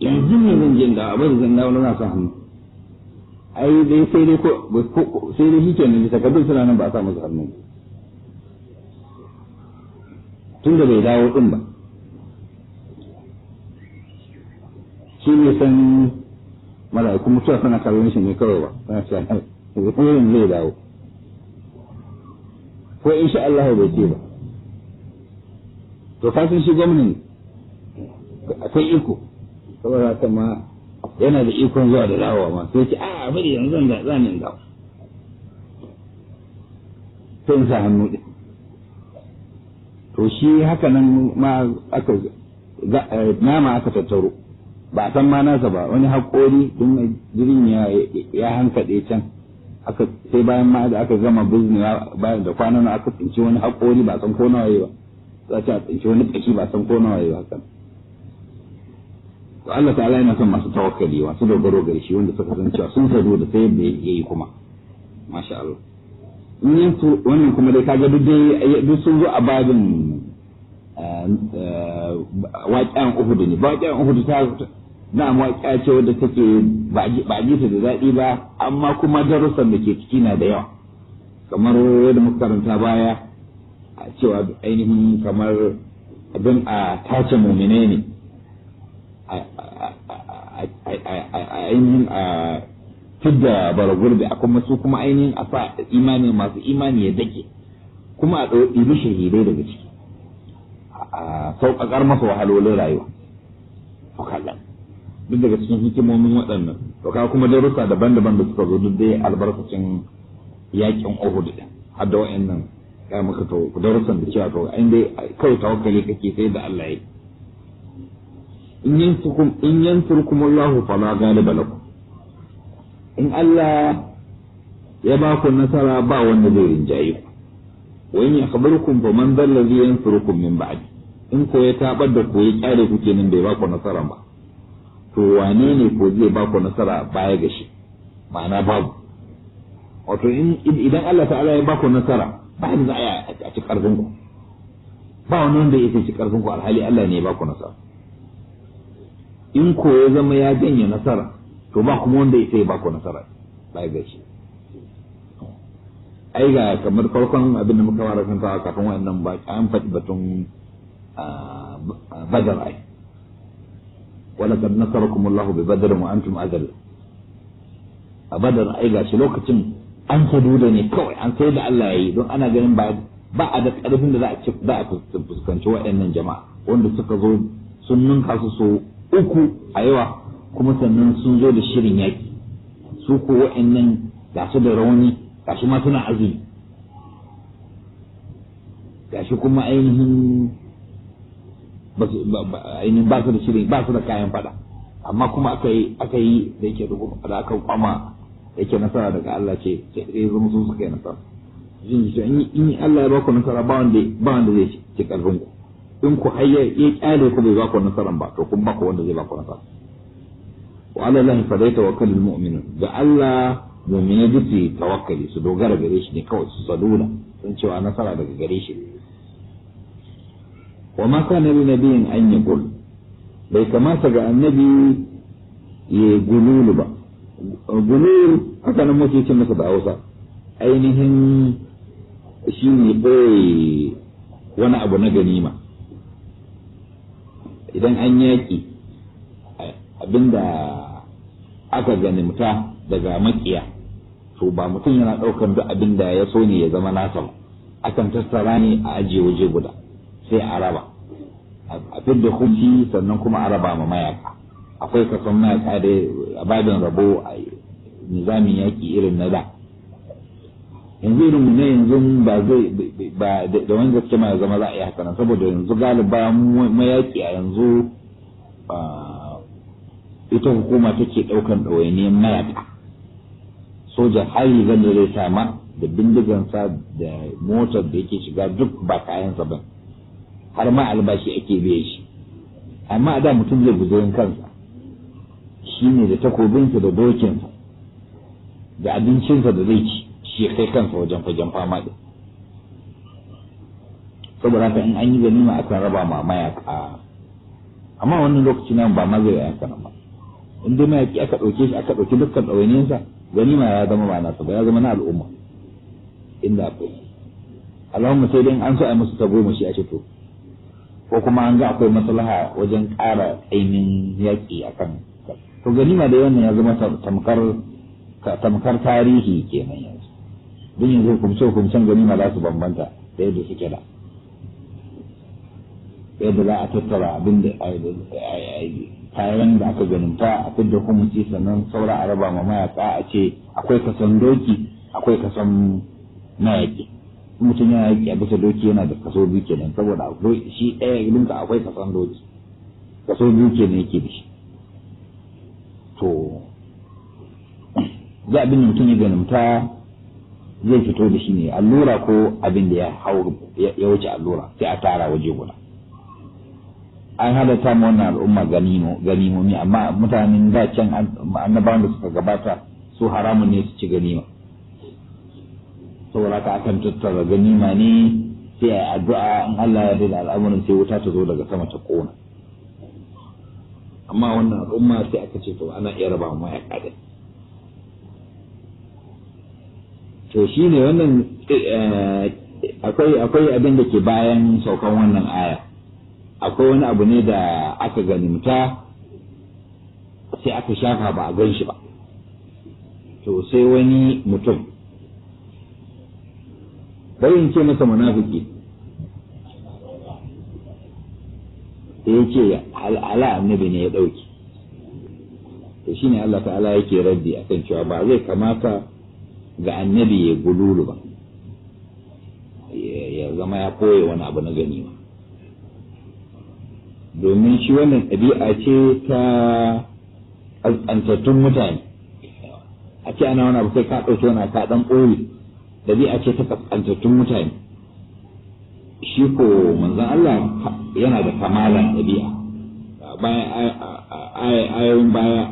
yanzu ne zan je dawo abin zan dawo na sa hannu ai dai sai dai ko sai dai shi kenan takardun suna nan ba a sa masa hannu tun da bai dawo ɗin ba shi ne san mala'iku mutuwa suna kallon shi ne kawai ba suna cewa yanzu kuma yin zai dawo ko in sha Allah bai ce ba to fasin shi gwamnan akwai iko saboda haka ma yana da ikon zuwa da dawowa ma sai ce a bari yanzu zan zan nan dawo sai sa hannu ɗin to shi haka nan ma aka eh, nama aka tattaro ba san ma nasa ba wani haƙori tun jirin ya ya hankaɗe can aka sai bayan ma da aka gama bizniya bayan da kwanan aka tsinci wani haƙori ba san ko nawa yi ba za ta tsinci wani ƙashi ba san ko nawa yi ba kan to Allah ta'ala yana son masu tawakkali masu dogaro gare shi wanda suka san cewa sun sado da sai yadda yayi kuma masha Allah in yanzu wannan kuma dai kaga duk dai duk sun zo a babin eh, eh, waƙen Uhud ne ba waƙen Uhud ta na waƙa ce wadda take ba a ji ta da daɗi ba amma kuma darussan da ke ciki na da yawa kamar yadda muka karanta baya a cewa ainihin kamar abin a tace muminai ne a ainihin a fidda baragur da kuma su kuma ainihin a sa imani masu imani ya dake kuma a ɗauki shahidai daga ciki a sauƙaƙar masa wahalolin rayuwa duk daga cikin hikimomin waɗannan to ka kuma darussa daban-daban da suka zo duk dai albarkacin yakin Uhud din har da waɗannan ya maka to darussan da cewa to in dai kai tawakkali kake sai da Allah yake in yansurkum in yansurkum Allah fala galiba lakum in Allah ya ba ku nasara ba wanda zai rinjaye ku wa in yakhbarukum fa man dhal ladhi yansurukum min ba'di in ko ya tabar da ku ya kare ku kenan bai ba ku nasara ba to wane ne ko zai ba ku nasara baya ga shi ma'ana babu wato idan Allah ta'ala ya ba ku nasara ba da za a ci karfin ku ba wani wanda ya ci karfin ku alhali Allah ne ya ba ku nasara in ko ya zama ya janye nasara to ba kuma wanda ya ba ku nasara baya ga shi ai ga kamar farkon abin da muka fara kanta kafin wannan ba an faɗi batun ah, ah, badar ai ولقد نصركم الله ببدر وانتم اذل a badar ai gashi lokacin an sadu da ne kawai an sai da Allah yayi don ana ganin ba a da karfin da za a ci a fuskanci waɗannan jama'a wanda suka zo sun ninka su so uku a yawa kuma sannan sun zo da shirin yaki su ko waɗannan su da rauni gashi ma suna azumi gashi kuma ainihin ba su da shirin ba su da kayan fada amma kuma aka yi aka yi da yake da aka kwama yake nasara daga Allah ce sai zama sun suka yi nasara jin ji in in Allah ya ba ku nasara ba wanda ba wanda zai ci karfin ku in ku hayya ya kyale ku bai ba ku nasaran ba to kun ba ku wanda zai ba ku nasara wa ala lahi fa dai tawakkalul mu'minun ga Allah mu'mini duk tawakkali su dogara gare shi ne kawai su saluna sun cewa nasara daga gare shi wa ma kana li nabiyin an yaqul bai kamata ga annabi ya gululu ba gulul aka nan mace cin masa da Hausa ainihin shi ne bai wani abu na ganima idan an yaƙi abinda aka ganimta daga makiya to ba mutum yana ɗaukar duk abinda ya so ne ya zama nasa ba akan tattara ne a ajiye waje guda sai a raba a fidda kuki sannan kuma a raba ma mayaka akwai kasan mayaka da babin rabo a nizamin yaki irin na da yanzu irin mu ne yanzu ba zai da wani gaske ma zama za a yi hakanan saboda yanzu galiba mayaki a yanzu ita hukuma take ɗaukan ɗawainiyar mayaka soja hari zan da zai sama da bindigansa da motar da yake shiga duk ba kayansa ba har ma albashi ake biye shi amma da mutum zai guzoyin kansa shi ne da takobinsa da dokinsa da abincinsa da zai ci shi kai kansa wajen fagen fama da saboda haka in an yi ganima akan raba ma mayaka amma wannan lokaci nan ba ma zai yi akan ba in dai mayaki aka ɗauke shi aka ɗauki dukkan ɗawainiyarsa ganima ya zama ba nasa ba ya zama na al'umma inda akwai Allahumma sai dai an so a musu tabo mu shi a ce to ko kuma an ga akwai maslaha wajen ƙara ainihin yaƙi a kan to ganima da wannan ya zama tamkar tarihi ke nan yanzu duk yanzu hukumce hukumcen ganima za su bambanta da yadda suke da yadda za a tattara abin da kayan da aka ganinta a fi fidda hukumci sannan saura a raba ma mayaka a ce akwai kasan doki akwai kasan mayaki mutum yana yaki a bisa doki yana da kaso biyu nan saboda akwai shi ɗaya ka akwai kasan doki kaso biyu kenan yake da shi to za abin da mutum ya ganimta zai fito da shi ne allura ko abin da ya wuce allura sai a tara waje guda an halatta mu wannan al'umma ganimomi amma mutanen da can annabawan da suka gabata su haramun ne su ci ganima saboda ka akan tattara ganima ne sai a addu'a in Allah ya daina al'amuran sai wuta ta zo daga sama ta kona amma wannan al'umma sai aka ce to ana iya raba mu ya kada to shine wannan eh, akwai akwai abin da ke bayan saukan wannan aya akwai wani abu ne da aka ganimta sai aka shafa ba a gan shi ba to sai wani mutum bari in ce masa munafiki sai ya ce ala annabi ne ya ɗauki to shine Allah ta'ala yake raddi akan cewa ba zai kamata ga annabi ya gululu ba ya zama ya koya wani abu na gani ba domin shi wannan ɗabi'a ce ta ƙasƙantattun mutane a ce ana wani abu sai ka ɗauki wani ka ɗan ɓoye dabi'a ce ta kaskantattun mutane shi ko manzon Allah yana da kamalan ɗabi'a bayan ayoyin baya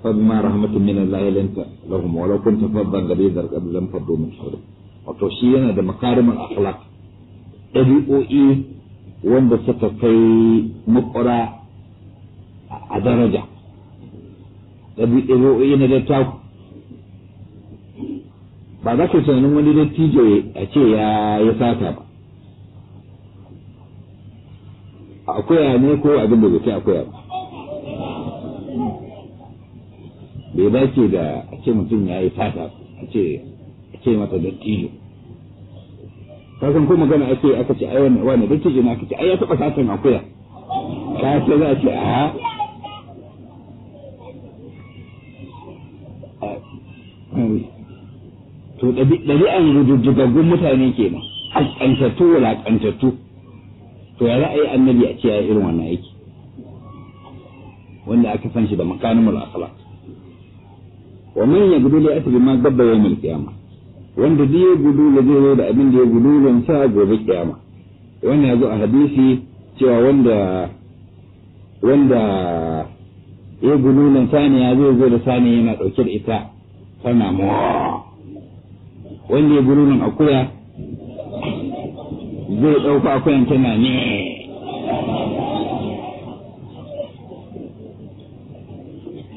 فبما رحمة من الله لنت لهم ولو كنت فظا غليظ القلب لم فضوا من حولك wato shi yana da makarimin akhlaq ɗabi'o'i wanda suka kai makura a daraja ɗabi'o'i na da ba za ka yi tunanin wani dattijo a ce ya ya sata ba akwai ne ko abin da bai kai akwai ba bai ce da a ce mutum ya yi sata a ce a ce mata dattijo kasan ko magana ake aka ce ai wannan da dattijo na aka ce ai ya taba satan akuya ka ce za a ce a wato ɗabi'an rujujjugaggun mutane kenan askantattu wulaƙantattu to ya za a yi annabi a ce ya irin wannan aiki wanda aka san shi da makanin mulakala wa man da ya ma bima gabba mai kiyama wanda duk ya gudu da zai zo da abin da ya gudu don sa gobe kiyama wannan ya zo a hadisi cewa wanda wanda ya gudu da saniya zai zo da saniya yana dauke da ita tana mawa wanda ya gururin akuya zai ɗauka akuyan tana ne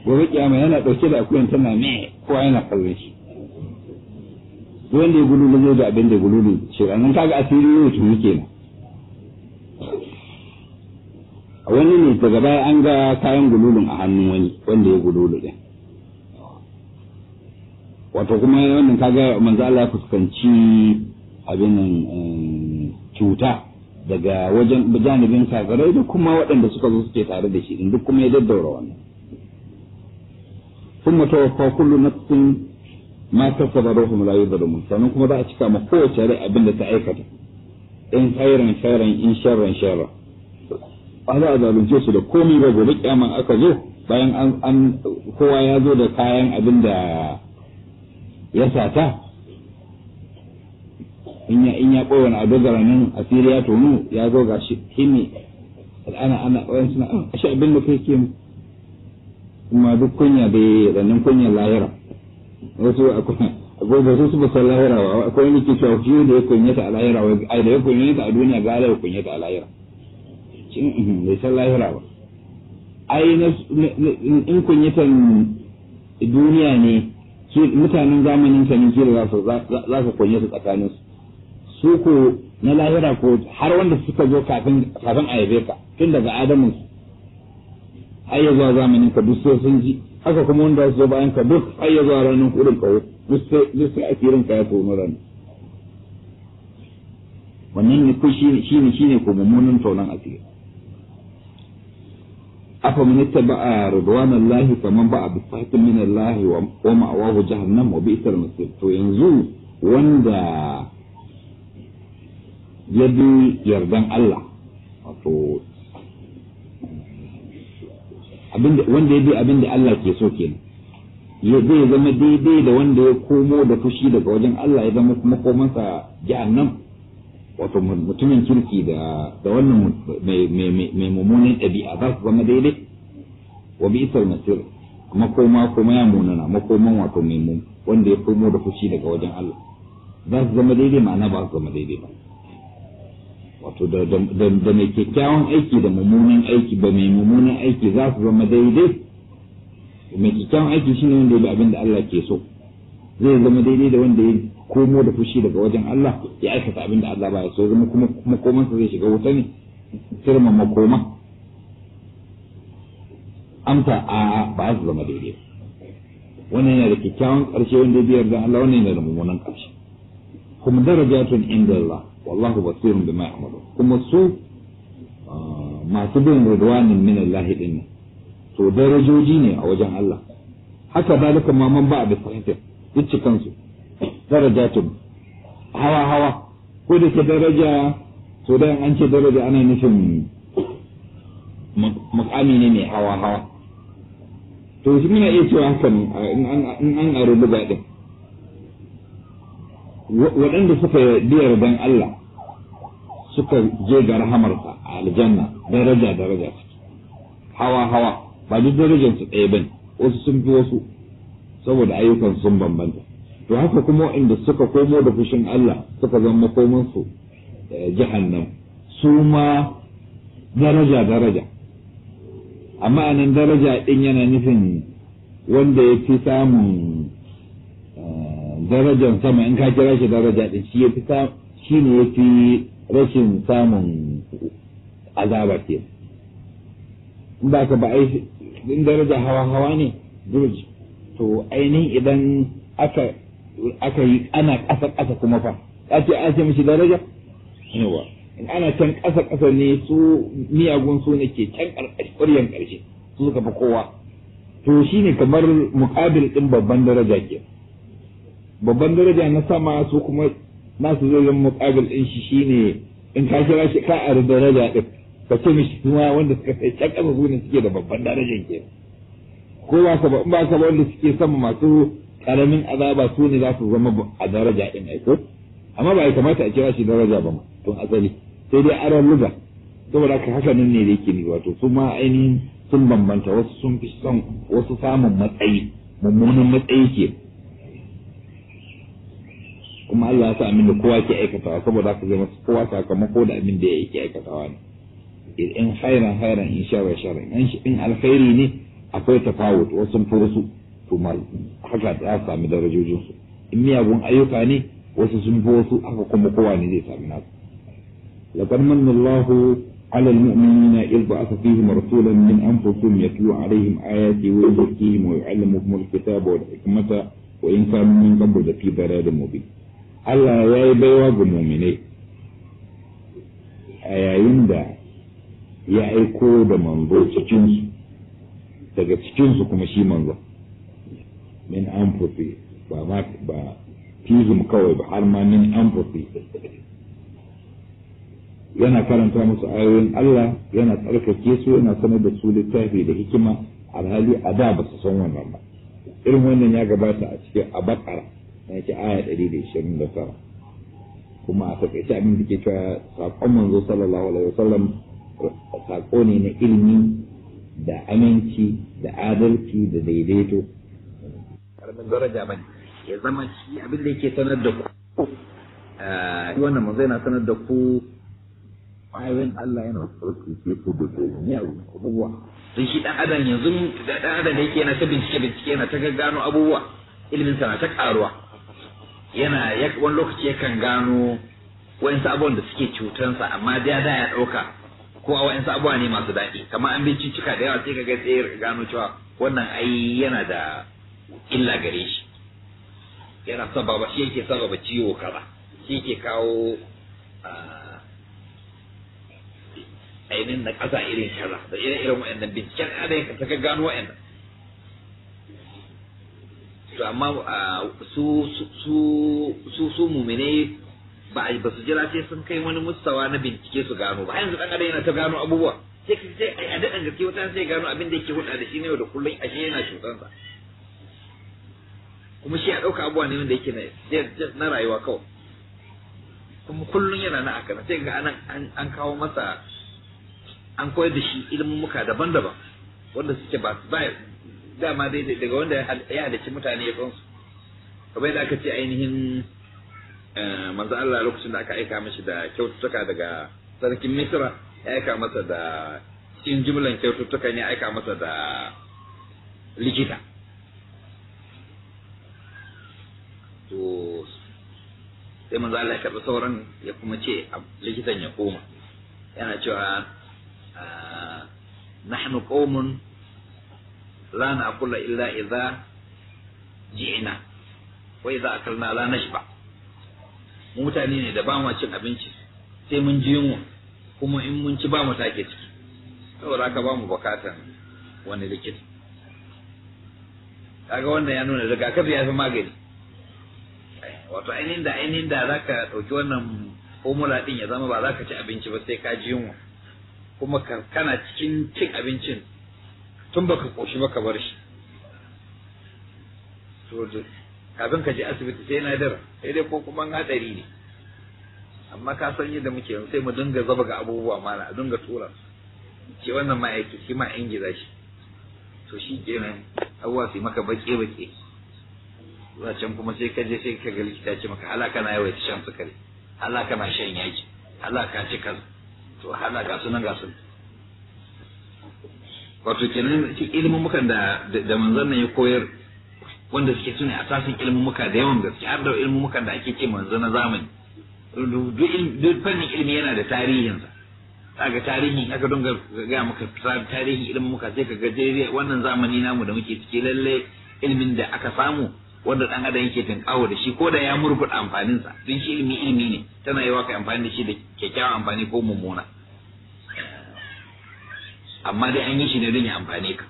gobe kiyama yana ɗauke da akuyan tana ne kowa yana kallon shi wanda ya gudu zai da abin da gudu shi ranar kaga asiri ne mutum yake na a wani ne daga baya an ga kayan gudu a hannun wani wanda ya gudu da ɗin wato kuma wannan ga manzo Allah ya fuskanci abin eh, cuta daga wajen janibin sagarai da kuma waɗanda suka zo suke tare da shi duk kuma ya daddaura wannan ثم توفى كل نفس ما كسب روحهم da يظلمون sannan kuma za a cika ma kowace rai abin da ta aikata in khairan khairan in sharran sharran ba za a zalunce su da komai ba gobe kiyama aka zo bayan an kowa ya zo da kayan abin da ya sata in ya in ya ɓoye wani abu gara a asiri ya tonu ya zo ga shi kini ana ana ɓoyen suna a ah, shi abin da kai ke kuma duk kunya da ranin kunya lahira wasu akwai da su ba san lahira ba akwai wani ke cewa shi da ya kunyata a lahira wa ai da ya kunyata a duniya ga ya kunyata a lahira shin hmm, bai san lahira ba ai in kunyatan duniya ne mutanen zamanin sa ne za su za su kunye su tsakanin su su ko na lahira ko har wanda suka zo kafin kafin a yabe ka tun daga adamu har ya zuwa zamanin ka duk sai sun ji haka kuma wanda su zo bayan ka duk har ya zuwa ranar kudin ka duk sai asirin ka ya komo ranar wannan ne ko shi ne shi ne ko mummunan taunan asiri afa man ittaba ridwanallahi faman ba'a bi sahtin min Allah wa ma'awahu jahannam wa bi'sal masir to yanzu wanda ya bi yardan Allah wato wanda ya bi abin Allah ke so kenan ya zai zama daidai da wanda ya komo da fushi daga wajen Allah ya zama kuma komansa jahannam wato mutumin kirki da da wannan mai mummunan ɗabi'a za su zama daidai wa bi isar masir makoma kuma ya munana makoman wato mai mun wanda ya komo da fushi daga wajen Allah za su zama daidai ma'ana ba su zama daidai ba wato da mai kyakkyawan aiki da mummunan aiki ba mai mummunan aiki za su zama daidai mai kyakkyawan aiki shine wanda ya bi abin da Allah ke so zai zama daidai da wanda ya komo da fushi daga wajen Allah ya aikata abin da Allah baya so zama kuma makomansa zai shiga wuta ne sirma makoma amsa a ba su zama daidai wannan yana da kyakkyawan ƙarshe wanda ya biyar da Allah wannan yana da mummunan ƙarshe kuma darajatun inda Allah wallahu basirun bima ya'malu kuma su ah, masu bin ridwanin min Allah din to darajoji ne a wajen Allah haka dalika ma man ba a bisa duk kansu darajatun hawa hawa ko da ke daraja to da an ce daraja ana nufin mukami ne mai hawa hawa to shi muna iya cewa hakan in an aro buga din waɗanda suka biyar dan Allah suka je ga rahamarsa a aljanna daraja daraja hawa hawa ba duk darajarsu ɗaya bane wasu sun fi wasu saboda ayyukan sun bambanta to haka kuma inda suka komo da fushin Allah suka zama su eh, jahannam su ma daraja daraja amma anan daraja din yana nufin wanda ya fi samun eh, darajar sama in ka kira shi daraja din shi ya fi shi ne ya fi rashin samun azaba ke in ba ka ba ai in daraja hawa hawa ne to ainihin idan aka aka yi ana ƙasa ƙasa kuma fa a ce a ce mishi daraja yawa in ana can ƙasa ƙasa ne su miyagun su ne ke can ƙaryan ƙarshe su suka fi kowa to shine kamar muƙabil ɗin babban daraja ke babban daraja na sama su kuma nasu zai zama muƙabil ɗin shi shine in ka kira shi ka ari daraja ɗin ka ce mishi kuma wanda suka sai can ƙasa su ne suke da babban darajan ke kowa ba in ba ka ba wanda suke sama masu karamin azaba su ne za su zama a daraja in aiko amma ba ya kamata a kira shi daraja ba tun asali sai dai aron luga saboda ka haka nan ne da yake ne wato su ma ainihin sun bambanta wasu sun fi son wasu samun matsayi mummunan matsayi ke kuma Allah ya sa amin da kowa ke aikatawa saboda ka zama masa kowa sakamako da amin da ya yake aikatawa ne in hairan hairan in sharra sharra in alkhairi ne akwai tafawut wasu furusu kuma haka ya sami darajojinsu in miyagun ayyuka ne wasu sun fi wasu haka kuma kowa ne zai sami nasu لقد من الله على المؤمنين إذ بعث فيهم رسولا من أنفسهم يتلو عليهم آياتي ويزكيهم ويعلمهم الكتاب والحكمة وإن كانوا من قبل لفي ضلال مبين Allah ya yi baiwa ga muminai a yayin da ya aiko da manzo daga cikinsu kuma shi manzo. min anfusi ba ma ba tizum kawai ba har ma min anfusi yana karanta musu ayoyin Allah yana tsarkake su yana sanar da su littafi da hikima alhali a da ba su san wannan ba irin wannan ya gabata a cikin bakara. na yake aya 129 kuma a takaice abin da ke cewa saƙon manzo sallallahu alaihi wasallam saƙo ne na ilimi da aminci da adalci da daidaito wannan daraja ba ne ya zama shi abin da yake sanar da ku ah, wannan manzo yana sanar da ku ayoyin Allah yana tsarkake ku da duniya abubuwa sai shi dan adam yanzu dan adam da yake yana ta bincike bincike yana ta gaggano abubuwa ilimin sa na ta karuwa yana wani lokaci yakan gano wa'insu abubuwan da suke cutansa amma da da ya ɗauka ko a wa'insu abubuwa ne masu daɗi kamar an bincika da yawa sai ka ga sai gano cewa wannan ai yana da illa gare shi yana sababa shi yake sababa ciwo kaza shi yake kawo ainihin na ƙasa irin kaza da irin irin wa'annan binciken adai ka gano wa'annan to amma su su su su mumine ba a ba su jira sai sun kai wani mustawa na bincike su gano ba yanzu dan yana ta gano abubuwa sai a daɗin gaske wata sai gano abin da yake hulɗa da shi ne da kullum ashe yana shukansa kuma shi ya ɗauka abuwa ne wanda yake na rayuwa kawai kuma kullum yana na aka sai ga anan an kawo masa an koyar da shi ilmummuka daban-daban wanda suke ba su baya dama daidai daga wanda ya halicci mutane ya san su kamar yadda aka ce ainihin eh, manzo Allah lokacin da aka aika mishi da kyaututtuka daga sarkin Misra ya aika masa da cikin jimlan kyaututtuka ne aika masa da likita to sai manzo Allah ya karɓi sauran ya kuma ce likitan ya koma yana cewa ah, nahnu qaumun la na'kulu illa idza ji'na wa idza akalna la nashba mutane ne da ba mu cin abinci sai mun ji yunwa kuma in mun ci ba mu take ciki saboda haka ba mu bukatan wani likita kaga wannan ya nuna rigakafi ya fi magani wato ainihin da ainihin da za ka ɗauki wannan formula ɗin ya zama ba za ka ci abinci ba sai ka ji yunwa kuma kana cikin cin abincin tun baka koshi baka bar shi kafin ka je asibiti sai na dara sai dai ko kuma hatsari ne amma ka san yadda muke sai mu dinga zaba ga abubuwa mana a dinga tura shi wannan ma'aikaci shi ma ingiza shi to shi kenan abubuwa su maka baƙe-baƙe. zuwa can kuma sai ka je sai ka ga likita ce maka halaka na yawaita shan sukari halaka na shan yaki halaka ce kaza to halaka sunan ga sun wato kenan ilimin muka da da manzon nan ya koyar wanda suke sune asasin ilimin muka da yawan gaske har da ilimin muka da ake ce manzo na zamani duk fannin ilimi yana da tarihinsa kaga tarihi aka dunga ga maka tarihin ilimin muka sai ka ga wannan zamani namu da muke ciki lalle ilimin da aka samu wanda dan adam yake tinkawo da shi ko da ya amfanin amfaninsa don shi ilimi ilimi ne tana yawa kai amfani da shi da kyakkyawan amfani ko mummuna amma dai an yi shi ne don ya amfane ka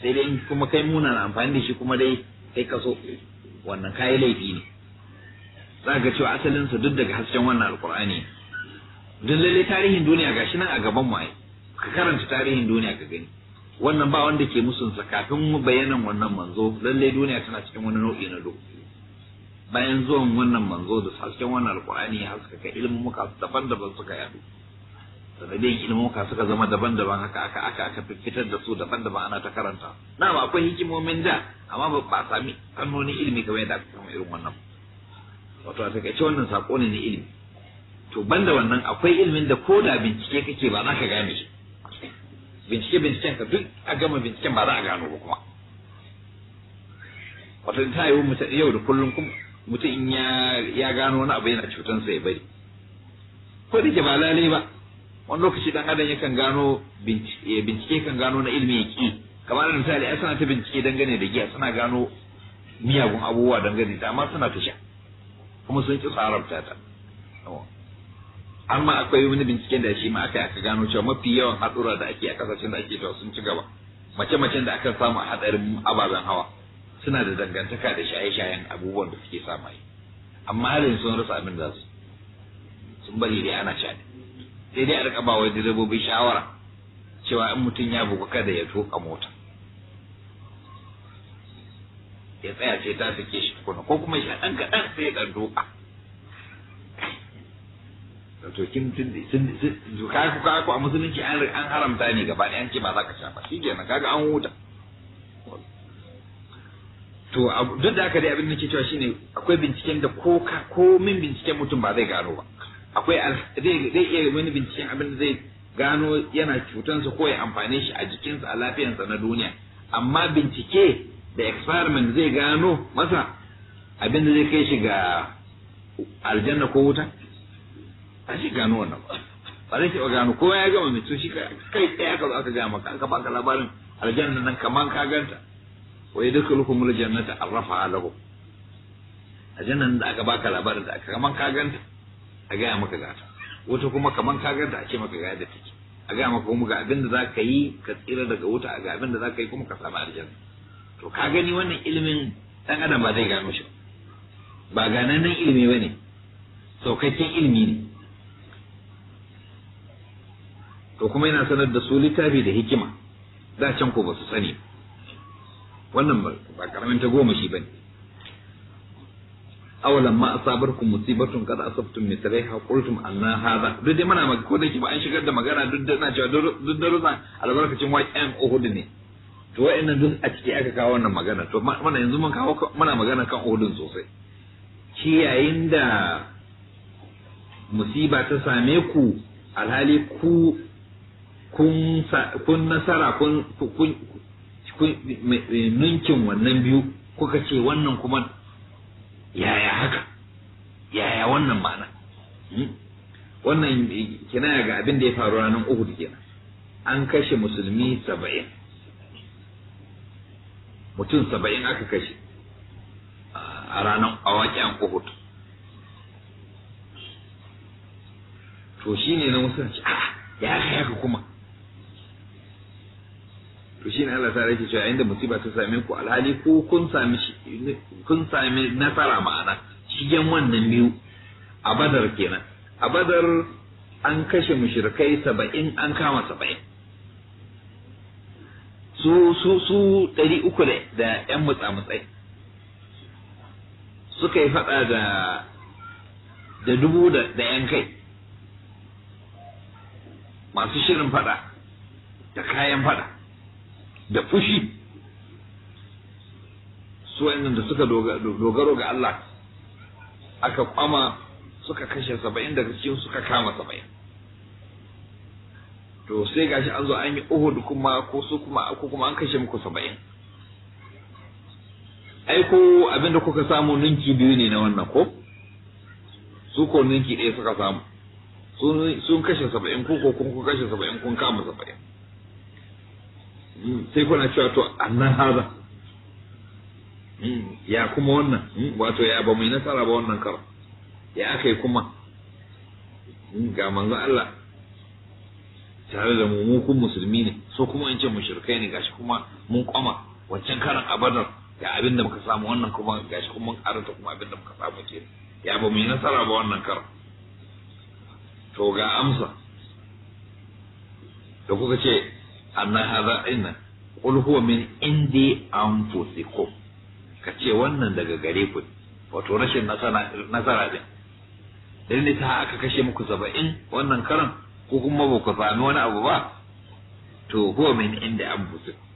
sai dai kuma kai munan amfani da shi kuma dai kai ka so wannan kayi laifi ne za ga cewa sa duk daga hasken wannan alkur'ani duk lalle tarihin duniya gashi nan a gaban mu ai ka karanta tarihin duniya ka gani wannan ba wanda ke musun sa kafin bayanan wannan manzo lalle duniya tana cikin wani nau'i na duhu bayan zuwan wannan manzo da hasken wannan alqur'ani ya haskaka ilimin muka daban-daban suka yadu sanadiyan ilimin muka suka zama daban-daban haka aka aka aka fitar da su daban-daban ana ta karanta na ba akwai hikimomin da amma ba a sami fannoni ilimi kamar yadda aka samu irin wannan wato a takaice wannan sako ne na ilimi to banda wannan akwai ilimin da ko da bincike kake ba za ka gane shi bincike binciken ka duk a gama binciken ba za a gano ba kuma wato ta yi mutum yau da kullum kuma mutum in ya gano wani abu yana sa ya bari ko da ke ba lalai ba wani lokaci dan adam yakan gano bincike kan gano na ilimi ya kamar da misali ai suna ta bincike dangane da giya suna gano miyagun abubuwa dangane da amma suna ta sha kuma sun ki tsarar ta amma akwai wani binciken da shi ma aka aka gano cewa mafi yawan hatsura da ake a kasashen da ake cewa sun ci gaba mace-macen da aka samu a hadarin ababen hawa suna da dangantaka da shaye-shayen abubuwan da suke samu amma halin sun rasa abin da su sun bari dai ana sha sai dai a rika ba wai direbobi shawara cewa in mutum ya bugu kada ya tuka mota ya tsaya ce ta ke shi tukuna ko kuma shi ɗan kaɗan sai ya ɗan doka to kin tun ka ku ka ku a musulunci an an haramta ne gaba ɗaya an ce ba za ka sha ba shikenan kaga an huta to duk da aka dai abin da nake cewa shine akwai binciken da ko ka ko min binciken mutum ba zai gano ba akwai zai zai iya wani binciken abin da zai gano yana cutansa ko ya amfane shi a jikinsa a lafiyarsa na duniya amma bincike da experiment zai gano masa abin da zai kai shi ga aljanna ko wuta a shi gano wannan ba ba zai taɓa gano kowa ya gama mai to kai ɗaya ka aka gaya maka aka baka labarin aljanna nan kaman ka ganta wa yadkhuluhumul jannata arrafa aljanna nan da aka baka labarin da aka kaman ka ganta a gaya maka gata wata kuma kaman ka ganta a ce maka gaya da take a gaya maka kuma ga abin da za ka yi ka tsira daga wuta ga abin da za ka yi kuma ka samu aljanna to ka gani wannan ilimin dan adam ba zai gano shi ba ganannen ilimi ba ne saukakken ilimi ne to kuma yana sanar da su littafi da hikima da can ko ba su sani wannan ba karamin ta goma shi ba ne awalan ma asabarkum musibatun kada asabtum mithlaiha qultum anna hada. duk dai mana ko da ba an shigar da magana duk da na cewa duk da rusa albarkacin YM uhudu ne to wa'annan duk a ciki aka kawo wannan magana to mana yanzu mun kawo mana magana kan uhudun sosai shi yayin da musiba ta same ku alhali ku kun kun nasara kun kun ninkin wannan biyu kuka ce wannan kuma yaya haka yaya wannan ma'ana hmm? wannan eh, kinaya ga abin da ya faru ranar Uhud kenan an kashe musulmi saba'in mutum saba'in aka kashe a ranar awaki uku Uhud to shi ne na musulunci a ya haka kuma to shine Allah ta rage cewa inda musiba ta same ku alhali ko kun sami kun sami nasara ma'ana cikin wannan biyu a badar kenan a badar an kashe mushrikai saba'in an kama saba'in su su su ɗari uku da ƴan mutsamutsai suka yi faɗa da da dubu da ƴan kai masu shirin faɗa da kayan faɗa da fushi su wa'annan da suka dogaro ga Allah aka kwama suka kashe saba'in daga cikin suka kama saba'in to sai gashi an zo an yi uhud kuma ko su kuma ko kuma an kashe muku saba'in ai ko abinda kuka samu ninki biyu ne na wannan ko su ko ninki ɗaya suka samu sun kashe saba'in ko ko kun kashe saba'in kun kama saba'in Mm. sai kuna cewa to annan haza mm. ya kuma wannan mm. wato ya ba mai nasara ba wannan karo ya aka yi kuma ga manzo Allah tare da mu musulmi ne so kuma in ce mushrikai ne gashi kuma mun kwama wancan karan abadar ga abin da muka samu wannan kuma gashi kuma mun karanta kuma abin da muka samu ke ya ba mu yi nasara ba wannan karo to ga amsa da kuka ce anna hadha inna qul huwa min indi anfusikum kace wannan daga gare ku wato rashin nasara nasara din dan ne ta aka kashe muku 70 wannan karan ko kuma ba ku sami wani abu ba to huwa min indi anfusikum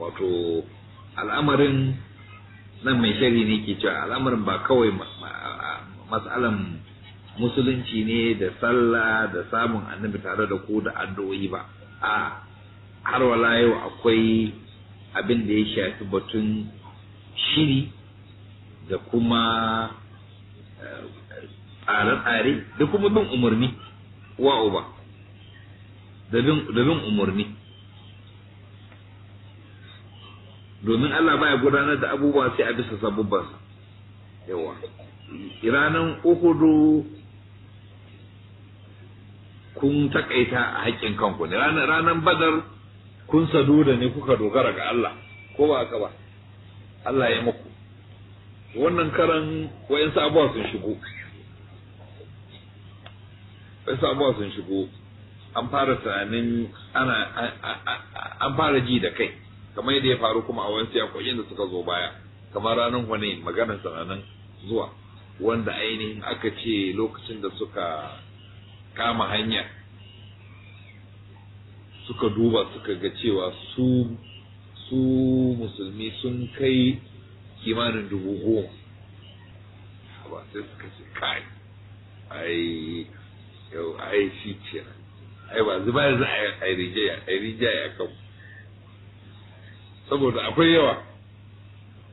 wato al'amarin nan mai shari ne ke cewa al'amarin ba kawai matsalan musulunci ne da sallah da samun annabi tare da ku da addu'o'i ba a har wala yau akwai abin da ya shafi batun shiri da kuma eh, tsare-tsare da kuma bin umarni wa uba da bin umarni domin Allah baya gudanar da abubuwa sai a bisa sabubbansa yawa ranar uhudu kun takaita a haƙƙin kanku ne ranar badar kun sadu da ne kuka dogara ga Allah ko ba haka ba Allah ya muku wannan karan wayansu abuwa sun shigo wayansu abuwa sun shigo an fara tunanin ana an fara ji da kai kamar yadda ya faru kuma a wayansu yakokin da suka zo baya kamar ranar wani maganar sananan zuwa wanda ainihin aka ce lokacin da suka kama hanya suka duba suka ga cewa su su musulmi sun kai kimanin dubu goma ba sai suka ce kai ai yau ai shi ce ai ba zuba yanzu ai rijaya ai rijaya kan saboda akwai yawa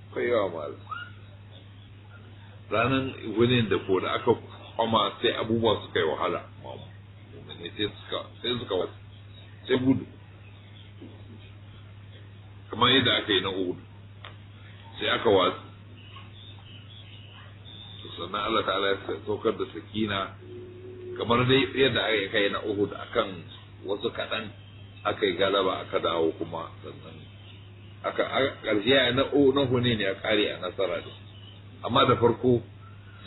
akwai yawa malam ranar wani da ko da aka kwama sai abubuwa suka yi wahala sai suka sai suka wasu sai gudu kamar yadda aka yi na gudu sai aka wasu sannan Allah ta'ala ya saukar da sakina kamar dai yadda aka kai na Uhud akan wasu kaɗan aka yi galaba aka dawo kuma sannan aka ƙarshe na na ne ya ƙare a nasara da amma da farko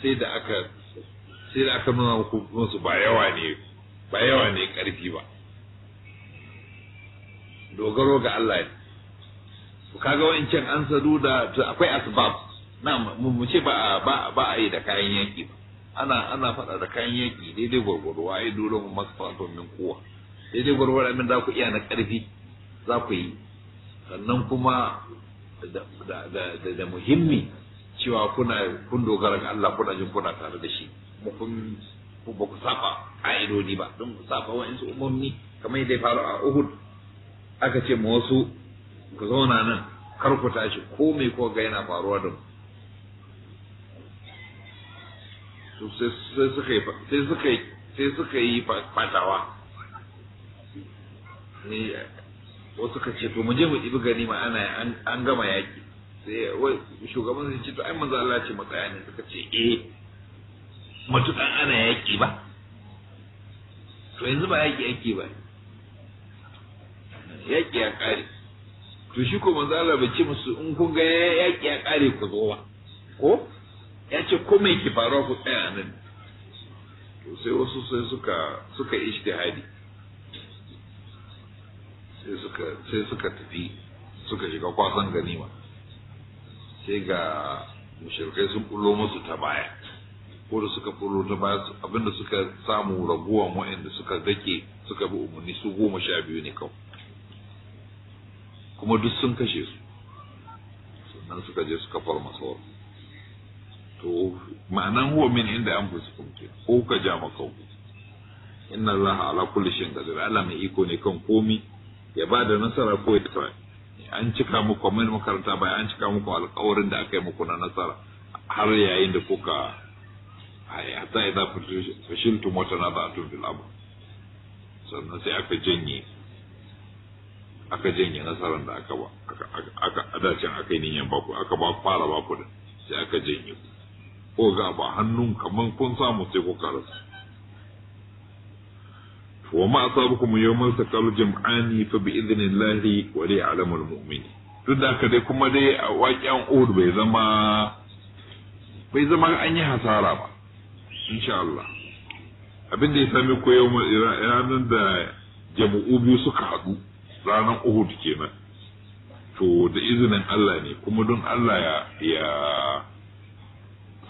sai da aka sai da aka nuna muku su ba yawa ne ba yawa ne karfi ba dogaro ga Allah ne ku kaga wancan an sadu da to akwai asbab na mu ce ba ba ba a yi da kayan yaki ba ana ana faɗa da kayan yaki daidai gwargwaro ai dole mu masfatun min kowa daidai gwargwaro min da ku iya na karfi za ku yi sannan kuma da muhimmi cewa kuna kun dogara ga Allah kuna jin kuna tare da shi ba ku saba ka'idodi ba don ku saba wa'insu umarni kamar yadda ya faru a Uhud aka ce ma wasu ku zauna nan kar ku tashi ko mai ko ga yana faruwa da mu sai suka yi fatawa wasu ka ce to mu je mu ibi gani ma ana an gama yaki sai shugaban zai ce to ai manzo Allah ce tsaya ne suka ce eh matukan ana yaƙi ba to yanzu ba yaƙi yaƙi ba yaƙi ya ƙare to shi ko manzo Allah bai ce musu in kun ga yaƙi ya ƙare ku zo ba ko ya ce ko mai ki faruwa ku tsaya nan to sai wasu sai suka suka ijtihadi sai suka sai suka tafi suka shiga kwasan ganima sai ga mushrikai sun kullo musu ta baya ko da suka furo ta baya abinda suka samu raguwan wa'anda suka dake suka bi umarni su goma sha biyu ne kawai kuma duk sun kashe su sannan suka je suka masa sauran to ma'anan huwa min inda an fi su ko ka ja makau inna Allah ala kulli shay'in qadir Allah mai iko ne kan komi ya ba da nasara ko ya an cika muku kamar makaranta bai an cika muku alƙawarin da aka yi muku na nasara har yayin da kuka hatta idza fashiltum wa tanaza'tum fil amr sannan sai aka janye aka janye nasarar da aka ba aka adacin aka yi niyan baku aka ba fara baku da sai aka janye ko ga ba hannun kamar kun samu sai ku karasu wa ma asabukum yawmal taqal jam'ani fa bi idnillahi wa li alamul mu'mini duk da haka dai kuma dai a waƙiyan Uhud bai zama bai zama an yi hasara ba insha Allah abin da ya sami ko yau ranar da jama'u biyu suka haɗu ranar Uhud kenan to da izinin Allah ne kuma don Allah ya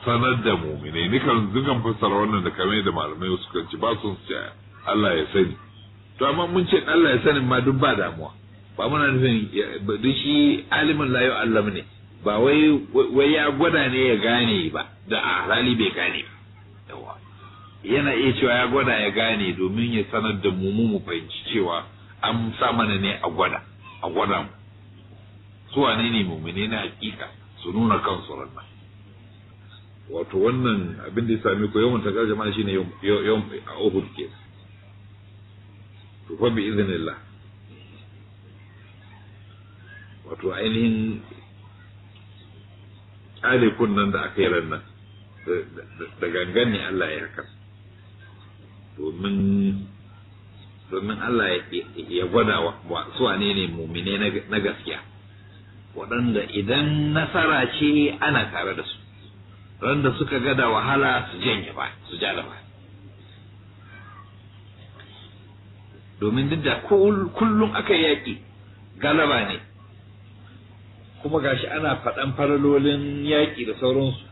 sanar da muminai nikan zukan fassara wannan da kamar da malamai suka ci ba su ce Allah ya sani to amma mun ce Allah ya sani ma duk ba damuwa ba muna nufin duk shi alimin layo Allah ne ba wai ya gwada ne ya gane ba da a hali bai gane ba yana iya cewa ya gwada ya gane domin ya sanar da mu mu fahimci cewa an sa mana ne a gwada a gwada mu su wane ne mumune na hakika su nuna kansu ranna wato wannan abin da ya sami ko yawan takar jama'a shine yawan a Uhud ke to fa bi iznillah wato ainihin tsare nan da aka yi ran da gangan ne Allah ya haka domin domin Allah ya gwada wa su ne ne mumine na gaskiya waɗanda idan nasara ce ana tare da su waɗanda suka gada wahala su janye ba su ja da ba domin duk da kullum aka yaƙi galaba ne kuma gashi ana faɗan faralolin yaƙi da sauransu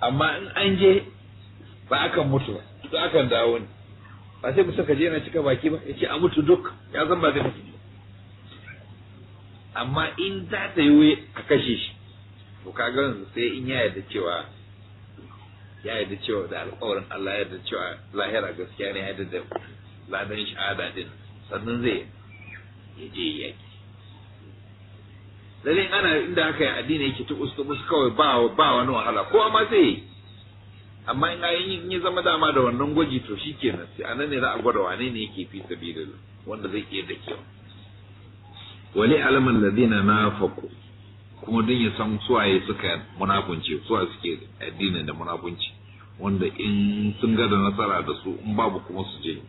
amma in an je ba akan mutu ba to akan dawo ne ba sai mu ka je cika baki ba ya ce a mutu duk ya zan ba zai mutu amma in za ta yi a kashe shi to ka yanzu sai in ya yarda cewa ya yarda cewa da alƙawarin Allah ya yarda cewa lahira gaskiya ne ya yarda da ladan shahada din sannan zai ya je yi lalle ana inda aka yi addini yake ta usta musu kawai ba ba wani wahala ko amma zai yi amma in ayin ya zama dama da wannan gwaji to shi kenan sai a nan ne za a gwada wane ne yake fi sabida wanda zai iya da kyau wali alaman ladina nafaku kuma don ya san suwaye suka munafunci suwa suke addinin da munafunci wanda in sun ga da nasara da su in babu kuma su je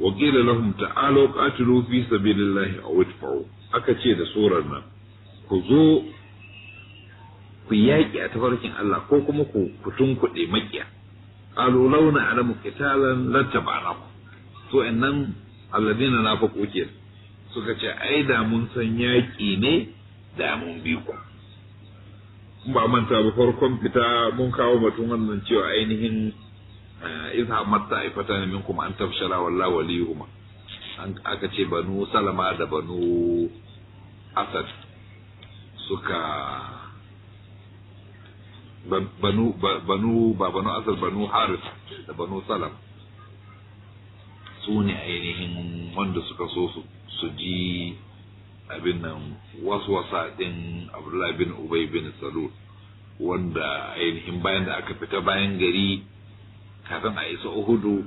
wa qila lahum ta'alu qatilu fi sabilillahi aw idfa'u aka ce da surar nan ku zo ku yaƙi a tafarkin Allah ko kuma ku kutun kuɗe maƙiya qalu law na'lamu qitalan lattaba'nakum to annan alladina nafaqu ke suka ce ai da mun san yaƙi ne da mun bi ku ba manta ba farkon fita mun kawo batun wannan cewa ainihin eh, iza matta aifata ne minkum an tafshara wallahu waliyuhuma aka ce banu salama da banu asad suka banu banu ba banu asar banu harith da banu salam sune ainihin wanda suka so su ji abin nan waswasa din abdullahi bin ubay bin salul wanda ainihin bayan da aka fita bayan gari kafin a isa uhudu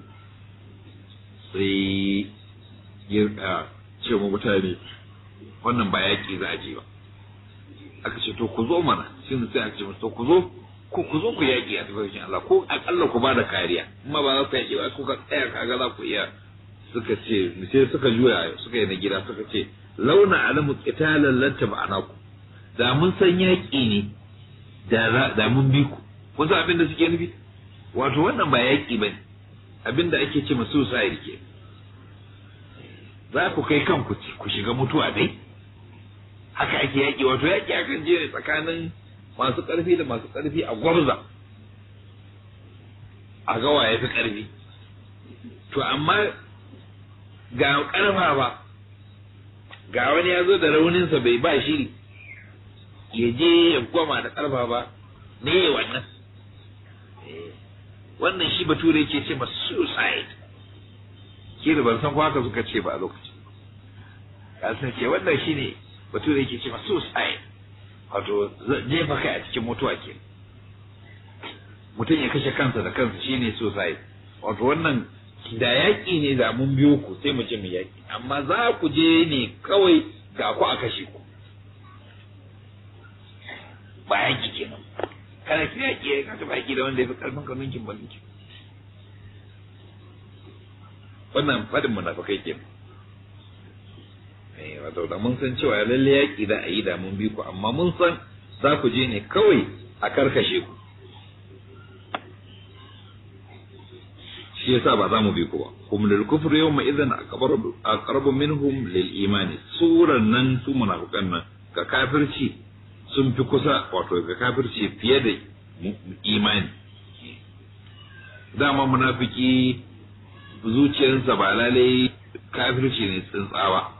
sai ya ce mu mutane wannan ba yaƙi za a je ba aka ce to ku zo mana shi sai a ce to ku zo Ko ku zo ku yaƙi a tafarkin Allah ko aƙalla ku ba da kariya amma ba za ku yaƙi ba ko ka tsaya ka ga za ku iya suka ce sai suka juya suka yi na gida suka ce launa alamu qitalan lan ku da mun san yaƙi ne da mun bi ku kun san abin da suke nufi wato wannan ba yaƙi ne. abin da ake ce masu yi ke za ku kai kanku ku shiga mutuwa dai haka ake yaƙi wato yaƙi akan je tsakanin masu ƙarfi da masu ƙarfi a gwarza a gawa ya fi ƙarfi to amma ga ƙarfa ba ga wani ya zo da rauninsa bai ba shiri ya je ya gwama da ƙarfa ba ne wannan eh, wannan shi bature ke ce ma suicide ke da ban san ko haka suka ce ba a lokaci ka san ce wannan shi ne bature ke ce ma suicide wato jefa kai a cikin mutuwa ke mutum ya kashe kansa da kansa shine suicide wato wannan da yaƙi ne da mun biyo ku sai mu je mu yaƙi amma za ku je ne kawai ga ku a kashe ku ba yaƙi kenan kana ki yaƙi ka taɓa yaƙi da wanda ya fi ƙarfin ka ninkin ba ninkin wannan fadin munafikai kenan eh wato da mun san cewa lalle yaki da a yi da mun bi ku amma mun san za ku je ne kawai a karkashe ku shi yasa ba za mu bi ku ba kuma lil kufr yawma idhan aqrabu minhum lil imani suran nan su munafiqan nan ga kafirci sun fi kusa wato ga kafirci fiye da imani dama munafiki zuciyarsa ba lalai kafirci ne tsintsawa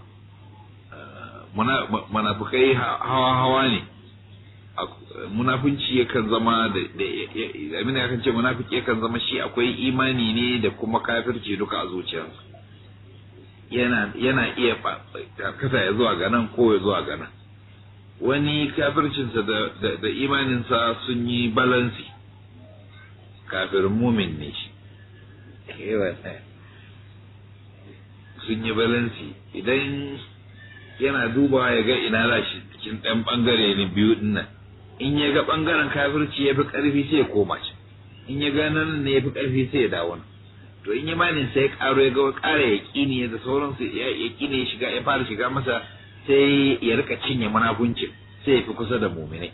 munafukai hawa hawa ne munafunci yakan zama da amina yakan ce munafiki yakan zama shi akwai imani ne da kuma kafirci duka a zuciyarsa yana yana iya kasa ya zuwa ga nan ko ya zuwa ga nan wani kafircinsa da, da, da imaninsa sun yi balansi kafir mumin ne shi sun yi balansi idan yana dubawa ya ga ina za shi cikin ɗan ɓangare ne biyu ɗin nan in ya ga ɓangaren kafirci ya fi ƙarfi sai ya koma shi in ya ga nan ne ya fi ƙarfi sai ya dawo to in ya mani sai ya ƙaro ya ga ƙara ya ƙini da sauransu ya ƙini ya shiga ya fara shiga masa sai ya rika cinye munafuncin sai ya fi kusa da muminai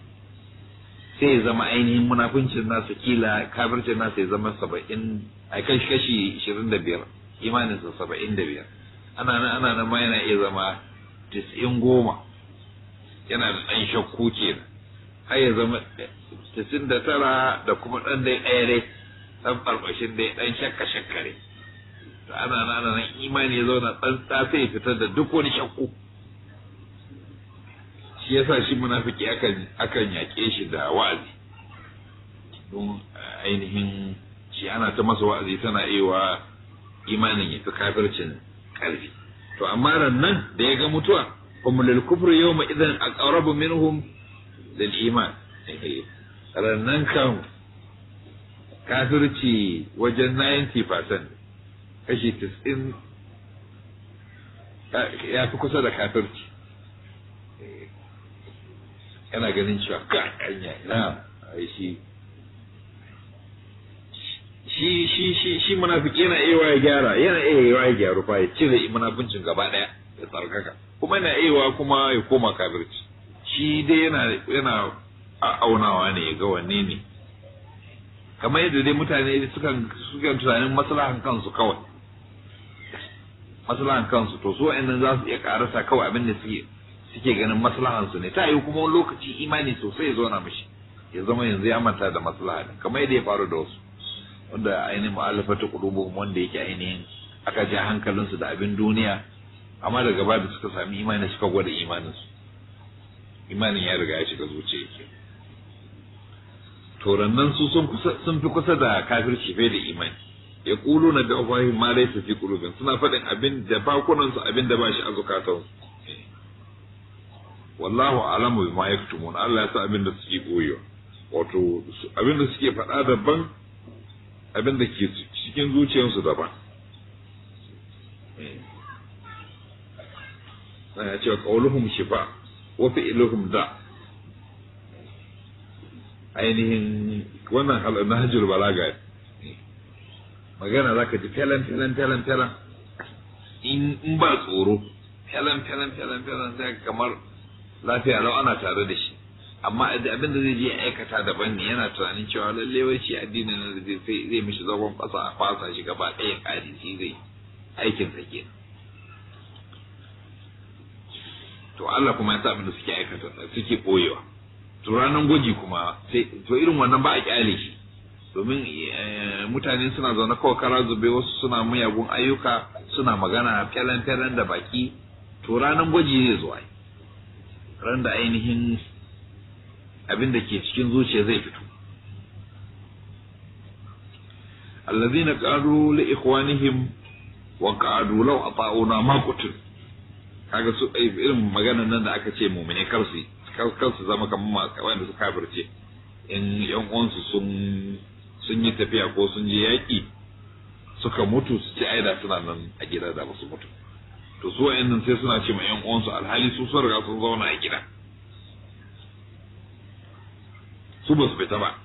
sai ya zama ainihin munafuncin nasu kila kafircin nasu ya zama saba'in a kashi kashi ishirin da biyar imaninsa saba'in da biyar ana nan ana nan ma yana iya zama tis'in goma yana da ɗan shakku kenan har ya zama tisin da tara da kuma ɗan dai ɗaya dai ɗan ɓarɓashin dai ɗan shakka ne to ana nan nan imani ya zauna ɗan tsafe ya fitar da duk wani shakku shi ya sa shi munafuki, akan yaƙe shi da wa'azi don ainihin shi ana ta masa wa'azi tana iya wa imanin ya fi kafircin ƙarfi to amma rannan da ya ga mutuwa hum lil kufr yawma idan aqrabu minhum lil iman eh, rannan kan kafirci wajen 90% kashi 90 eh, ya fi kusa da kafirci eh, yana ganin cewa ka hanya na shi shi shi shi shi munafiki yana iya ya gyara yana iya ya gyaru fa ya cire munafincin gaba daya ya tsarkaka kuma yana iya kuma ya koma kafirci shi dai yana yana aunawa ne ya ga wanne ne kamar yadda dai mutane sukan suka tunanin maslahan kansu kawai maslahan kansu to su wa'annan za su iya karasa kawai abin da suke suke ganin maslahan su ne ta yi kuma lokaci imani sosai ya zauna mishi ya zama yanzu ya manta da maslaha kamar yadda ya faru da wasu wanda ainihin mu'allafatu qulubuhum wanda yake ainihin aka ja hankalinsu da abin duniya amma daga gaba da suka sami imani suka gwada imaninsu imanin ya riga ya shiga zuciya yake torannan su sun fi kusa da kafirci bai da imani ya kulu na da ofahim ma laisa fi qulubin suna faɗin abin da bakunansu abin da ba shi azukatan wallahu alamu bima yaktumun Allah ya sa abin da suke koyo wato abin da suke faɗa daban abin da ke cikin zuciyarsu daban na ya cewa ƙauluhum ba wa fi'iluhum da ainihin wannan halin na hajjul balaga magana za ka ji felan felan felan felan in ba tsoro felan felan felan felan sai kamar lafiya lau ana tare da shi amma abin da zai je ya aikata daban ne yana tunanin cewa lalle wai shi addinin nan zai zai mishi zagon kasa a fasa shi gaba ɗaya ƙari shi zai aikin sa ke to Allah kuma ya sa abin da suke aikata suke koyewa to ranan gwaji kuma sai to irin wannan ba a kyale shi domin eh, mutane suna zaune kawai kara zube wasu suna miyagun ayyuka suna magana fyalan fyalan da baki to ranan gwaji zai zo ran da ainihin abin da ke cikin zuciya zai fito allazina qalu li ikhwanihim wa qadu law ata'una ma qutil kaga su eh, irin maganar nan da aka ce mu'mine kar su kar su zama kamar wanda su kafirce in yan uwansu sun sun yi tafiya ko sun je yaƙi suka mutu su ci aida suna nan a gida da ba su mutu to su wa'annan sai suna ce ma yan uwansu alhali su sun riga sun zauna a gida su ba su fita ba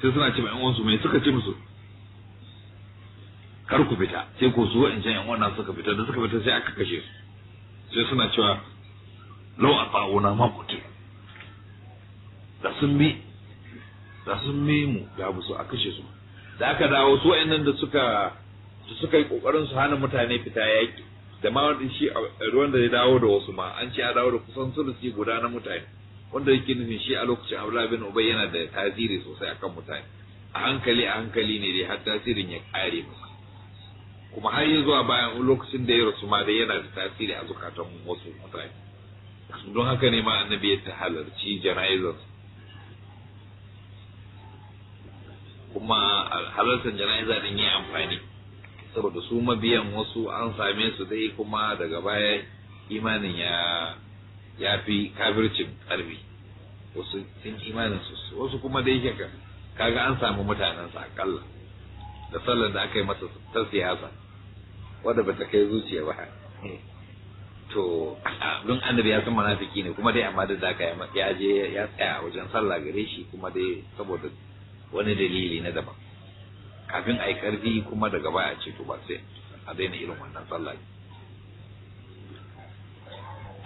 sai suna ce ma yan wasu mai suka ce musu kar ku fita sai ko su can yan suka fita da suka fita sai aka kashe su sai suna cewa lau a ba'una ma kutu da sun bi da sun bi mu da su a kashe su da aka dawo su wa'annan da suka da suka yi kokarin su hana mutane fita yaki da ma wanda shi ruwan da ya dawo da wasu ma an ce a dawo da kusan sulusi guda na mutane wanda yake nufin shi a lokacin Abdullahi bin Ubay yana da tasiri sosai kan mutane a hankali a hankali ne dai har tasirin ya kare masa kuma har yi zuwa bayan lokacin da ya rasu ma dai yana da tasiri a zukatan wasu mutane don haka ne ma annabi ya ta halarci jana'izar kuma halartar jana'iza din ya amfani saboda su mabiyan wasu an same su dai kuma daga baya imanin ya ya fi kafircin ƙarfi wasu sun imanin su wasu kuma da yake kaga an samu mutanensa akalla da sallar da aka yi masa ta siyasa wadda ba ta kai zuciya ba to don annabi ya san munafiki ne kuma dai amma da zaka ya je ya tsaya wajen sallah gare shi kuma dai saboda wani dalili na daban kafin a yi karfi kuma daga baya ce to ba sai a daina irin wannan sallah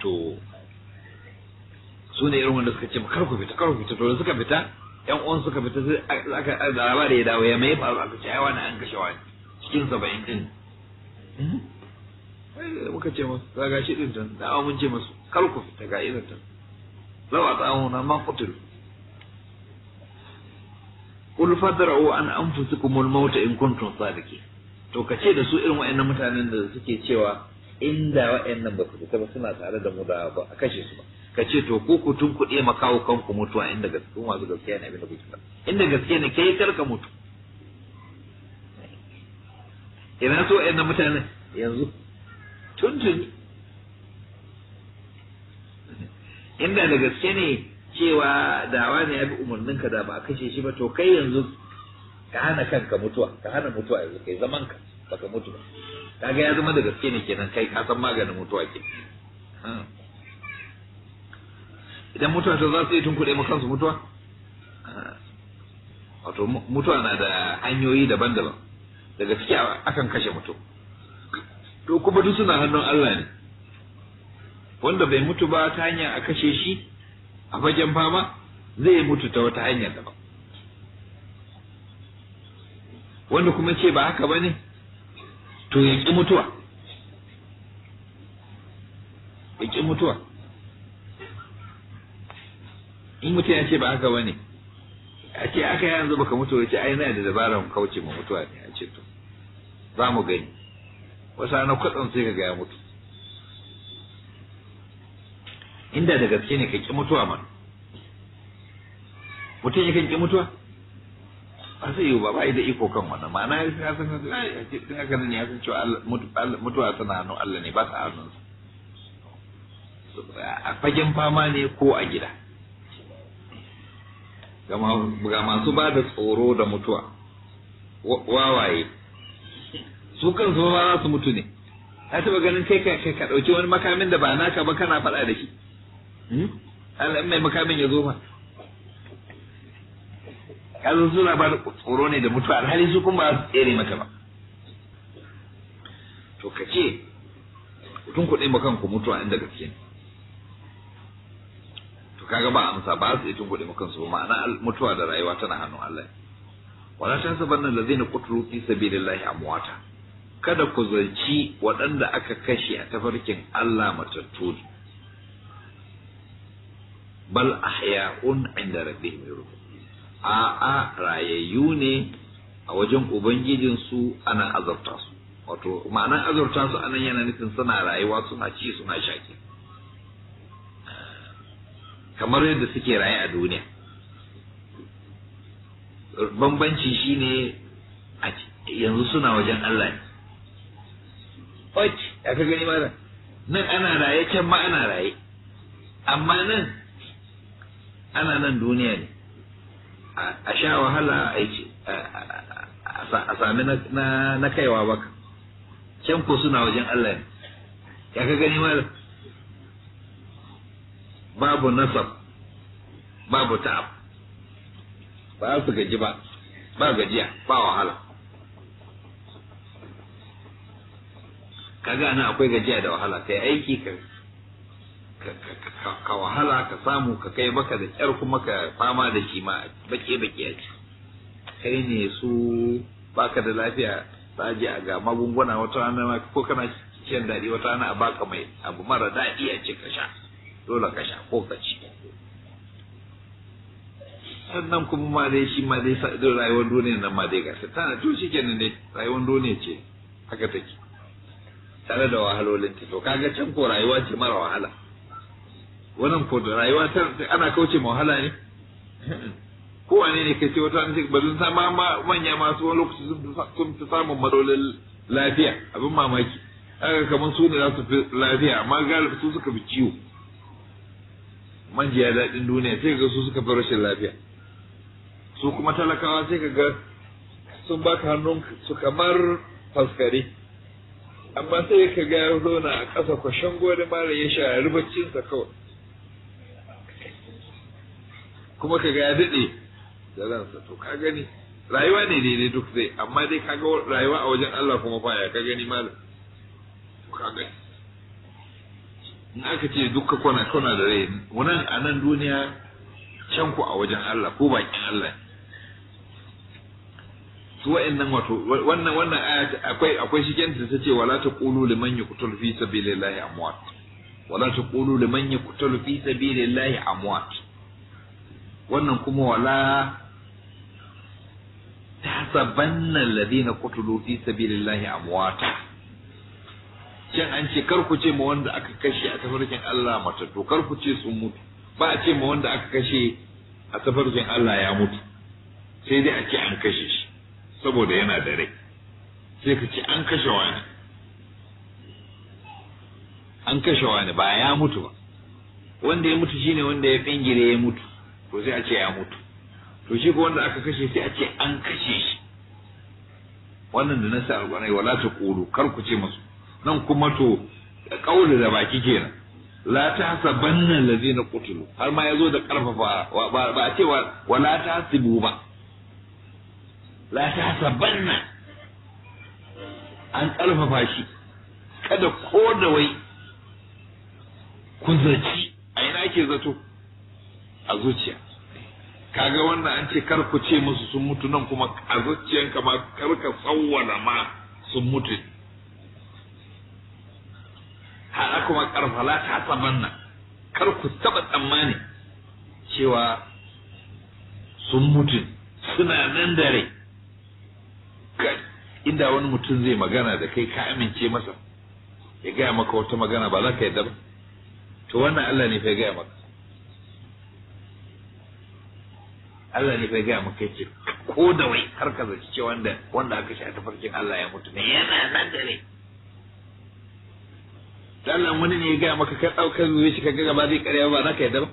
to su ne irin wanda suka ce kar ku fita kar ku fita to suka fita yan uwan suka fita sai aka laraba da ya dawo ya mai faru aka ce ai wani an kashe wani cikin saba'in din eh? muka ce masu ga gashi din tun da mun ce masu kar ku fita ga irin tan law a tsawon na ma kutul kul fadra'u an anfusukum al-maut in kuntum sadiqin to kace da su irin wayannan mutanen da suke cewa inda wa'annan ba su fita ba suna tare da mu da ba a kashe su ba ka ce to ko ku tun kuɗe ma kawo kanku mutuwa inda gaskiya masu gaskiya ne abin da kuke faɗa inda gaskiya ne kai kar ka mutu ina so wa'annan mutanen yanzu tun tun inda da gaske ne cewa dawa ne ya bi umarninka da ba a kashe shi ba to kai yanzu ka hana kanka mutuwa ka hana mutuwa yanzu kai zaman ka baka mutu ba kaga ya zama da gaske ne kenan kai ka san maganin mutuwa ke idan mutuwa ta za su yi tunkuɗe mu kansu mutuwa wato mutuwa na da hanyoyi daban-daban daga ciki akan kashe mutum to kuma duk suna hannun Allah ne wanda bai mutu ba ta hanya a kashe shi a fagen fama zai mutu ta wata hanyar daban wanda kuma ce ba haka ba ne to ya ƙi mutuwa ya ƙi mutuwa in mutum ya ce ba haka ba ne a ce aka yanzu baka mutu ce ai na da dabarar kauce ma mutuwa ne a ce to za mu gani wasu ana kwatsan sai ka gaya mutu inda da gaske ne ka ƙi mutuwa ma mutum kan ƙi mutuwa ba yi yiwu ba ba da iko kan wannan ma'ana ya san san tun haka ne ya san cewa mutuwa tana hannun Allah ne ba ta hannun a fagen fama ne ko a gida ga masu ba da tsoro da mutuwa wawaye su kan ba ba su mutu ne ka taba ganin kai ka dauki wani makamin da ba naka ba kana faɗa da shi hmm? Allah mai makamin ya zo ma kazo suna ba da tsoro ne da mutuwa alhali su kuma ba su tsere maka ba to ka ce tun kuɗi ma kanku mutuwa inda gaske ne to kaga ba amsa ba su yi tun kuɗi ma kansu ma'ana mutuwa da rayuwa tana hannun Allah wala ta saban nan lazina qutlu fi sabilillahi amwata kada ku zarci waɗanda aka kashe a tafarkin Allah matattu bal ahya'un inda rabbihim yurjun a'a rayayyu ne a wajen ubangijinsu ana azurta su wato ma'anan azurta su anan yana nufin suna rayuwa suna ci suna shaki kamar yadda suke raye a duniya bambanci shine yanzu suna wajen Allah ne oi ya ka gani mana nan ana raye can ma ana raye amma nan ana nan duniya ne a sha wahala a sami na kaiwa baka can ko suna wajen Allah ne ya ka gani babu nasab babu ta'ab ba su gaji ba ba gajiya ba wahala kaga ana akwai gajiya da wahala kai aiki ka ka wahala ka samu ka kai maka da kyar kuma ka fama da shi ma bake bake a ci kai ne su baka da lafiya ta je a ga magunguna wata rana ma ko kana cikin daɗi wata rana a baka mai abu mara daɗi a ci ka sha dole ka sha ko ka ci sannan kuma ma dai shi ma dai rayuwar duniya nan ma dai gasa tana to shi kenan dai rayuwar duniya ce haka take tare da wahalolin ta to kaga can ko rayuwa ce mara wahala wannan ko da rayuwa ta ana kauce ma wahala ne kowane ne kace ce wata ne ba zan sama manya masu wani lokaci sun fi samun madolin lafiya abin mamaki aka kamar su ne za su fi lafiya amma galibi su suka fi ciwo manjiya daɗin duniya sai ga su suka fi rashin lafiya su kuma talakawa sai ka ga sun baka hannun su kamar faskare amma sai ka ga zauna a ƙasa kwashen gode mara ya sha sa kawai kuma ga ya daɗe da ransa to ka gani rayuwa ne daidai duk zai amma dai ga rayuwa a wajen Allah kuma baya ka gani malam to ka gani in aka ce duka kwana kona da rai wannan a nan duniya can ku a wajen Allah ko bakin Allah su wa'annan wato wannan wannan aya akwai akwai shigen ta ce wala taqulu liman yuqtalu fi sabilillahi amwat wala taqulu liman yuqtalu fi sabilillahi amwat wannan kuma wala ta sabanna ladina kutulu fi sabilillahi amwata can an ce kar ku ce ma wanda aka kashe a tafarkin Allah matattu kar ku ce sun mutu ba a ce ma wanda aka kashe a tafarkin Allah ya mutu sai dai a ce an kashe shi saboda yana da rai sai ka ce an kashe wani an kashe wani ba ya mutu ba wanda ya mutu shine wanda ya fingire ya mutu To sai a ce ya mutu to shi ko wanda aka kashe sai a ce an kashe shi wannan da na sa alƙwanai wala ta ƙulu kar ku ce masu nan kuma to ƙauli da baki kenan la ta hasabanna allazina qutilu har ma yazo da karfafa ba a ce wala ta hasibu ba la ta hasabanna an karfafa shi kada ko da wai ku zaci a ina ke zato a zuciya kaga wannan an ce kar ku ce musu sun mutu nan kuma a zuciyan ma kar ka tsawwala ma sun mutu haɗa kuma karfala ta saman nan kar ku taɓa tsammani cewa sun mutu suna nan da rai inda wani mutum zai magana da kai ka amince masa ya gaya maka wata magana ba za ka yi ba to wannan Allah ne fa ya gaya maka Allah ne bai gaya maka yace ko da wai har ka zaci ce wanda wanda aka shi a tafarkin Allah ya mutu ne yana nan da ne Allah wani ne ya gaya maka ka ɗaukar zuwa shi ka ga gaba zai karya ba za ka yadda ba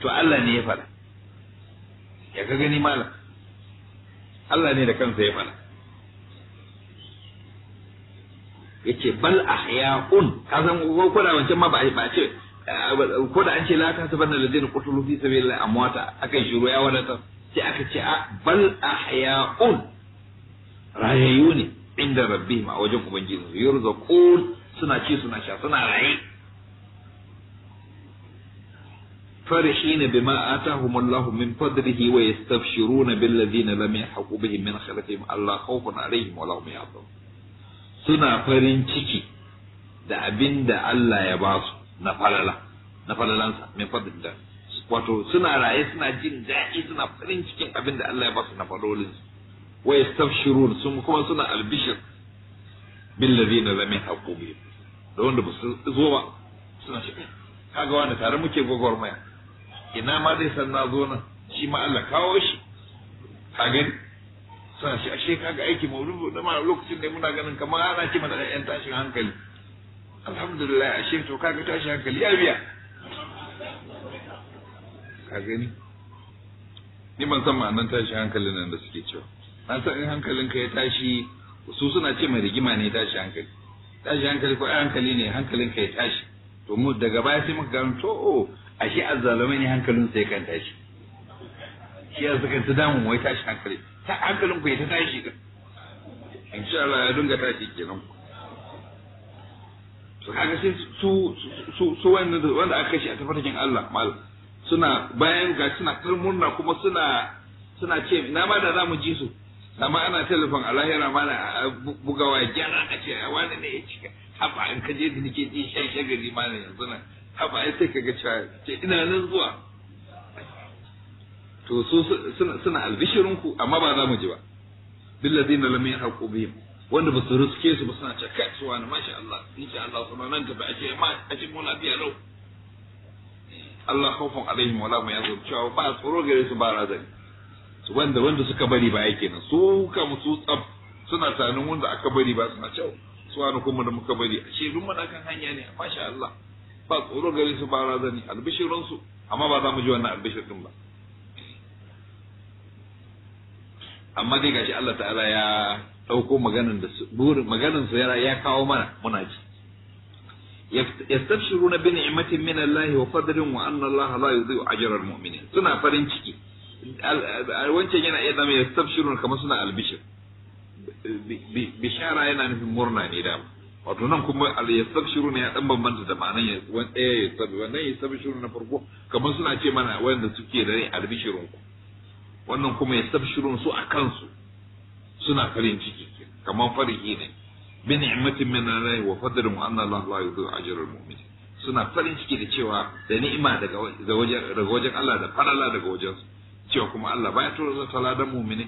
to Allah ne ya fara ya ga gani malam Allah ne da kansa ya fara yace bal ahya'un san ko da wancan ma ba a ce eh, ko da an ce la ta sabanna ladina qutulu fi sabilillah amwata akan shiru ya wadatar sai aka ce a bal ahya'un rayayyu ne inda Rabi ma wajen ubangiji su yurzaqun suna ci suna sha suna raye فرحين بما آتاهم الله من فضله ويستبشرون بالذين لم يلحقوا بهم من خلفهم الله خوف عليهم ولا هم يحزنون suna farin ciki da abinda Allah ya ba su na falala na min wato suna raye suna jin daɗi suna farin cikin abin da Allah ya basu na farolin su wa yastabshirun sun kuma suna albishir bil ladina lam yahqu da wanda ba su zo ba suna shi kaga wanda tare muke gwagwarmaya ina ma dai san na zo nan shi ma Allah kawo shi kaga suna shi ashe kaga aiki mawrubu da ma lokacin da muna ganin kamar ana ce mana yan tashin hankali alhamdulillah ashe to kaga tashin hankali ya biya ka gani ni ban san ma'anan tashi hankalin nan da suke cewa an san in hankalin ka ya tashi su suna ce mai rigima ne tashi hankali tashi hankali ko hankali ne hankalin ka ya tashi to mu daga baya sai muka gano to o oh, ashe azzalumai ne hankalin sai kan tashi shi yasa kan ta damu wai tashi hankali ta hankalin ku ya ta tashi in insha Allah ya dinga tashi kenan su kaga sai su su su wanda aka kashi a tafarkin Allah malam suna bayan ga suna kar murna kuma suna suna ce na ma da za mu ji su amma ana telefon alahira mana ma bugawa gyara a ce wani ne ya cika haba in ka je da nake ji shan shagari ma na yanzu nan haba ai sai ka cewa ce ina nan zuwa to su suna suna albishirin ku amma ba za mu ji ba billazina lam yahqu bihim wanda ba su riske su ba suna cakka su wani masha Allah insha Allah kuma nan gaba a ce ma a ce mu lafiya lau Allah khawfun alaihim wala hum yanzur cewa ba tsoro gare su ba razani su wanda wanda suka bari ba yake nan su kam su tsab suna tsanin wanda aka bari ba suna cewa su wani kuma da muka bari ashe duk muna kan hanya ne a fashi Allah ba tsoro gare su ba razani albishirin su amma ba za mu ji wannan albishirin ba amma dai gashi Allah ta'ala ya ɗauko maganan da burin maganan su ya kawo mana muna ji yastabshiruna bi ni'matin min Allah wa fadlin wa anna Allah la yudhi'u ajra al-mu'minin suna farin ciki wancan yana iya zama yastabshiruna kamar suna albishir bishara yana nufin murna ne da wato nan kuma al yastabshiruna ya dan bambanta da ya wan ɗaya eh, yastabi wannan yastabshiruna farko kamar suna ce mana wanda suke da ni albishirun ku wannan kuma yastabshiruna su a kansu suna farin ciki kamar farihi ne bi ni'matin min Allah wa fadlin wa Allah Allah la yudhi'u ajral mu'minin suna farin ciki da cewa da ni'ima daga wajen daga wajen Allah da farala daga wajen cewa kuma Allah baya tura zata da mu'mini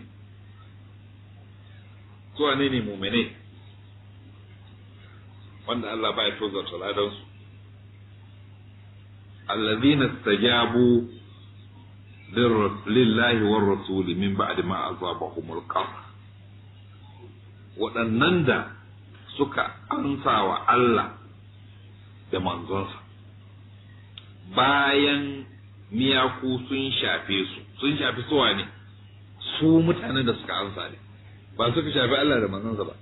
to ne ne mu'mini wanda Allah baya tura zata da su allazina istajabu lillahi war rasul min ba'di ma azabahum al waɗannan da suka amsa wa Allah da manzonsa bayan miyaku sun shafe su sun shafi suwa ne su mutanen da suka amsa ne ba suka shafi Allah da manzonsa ba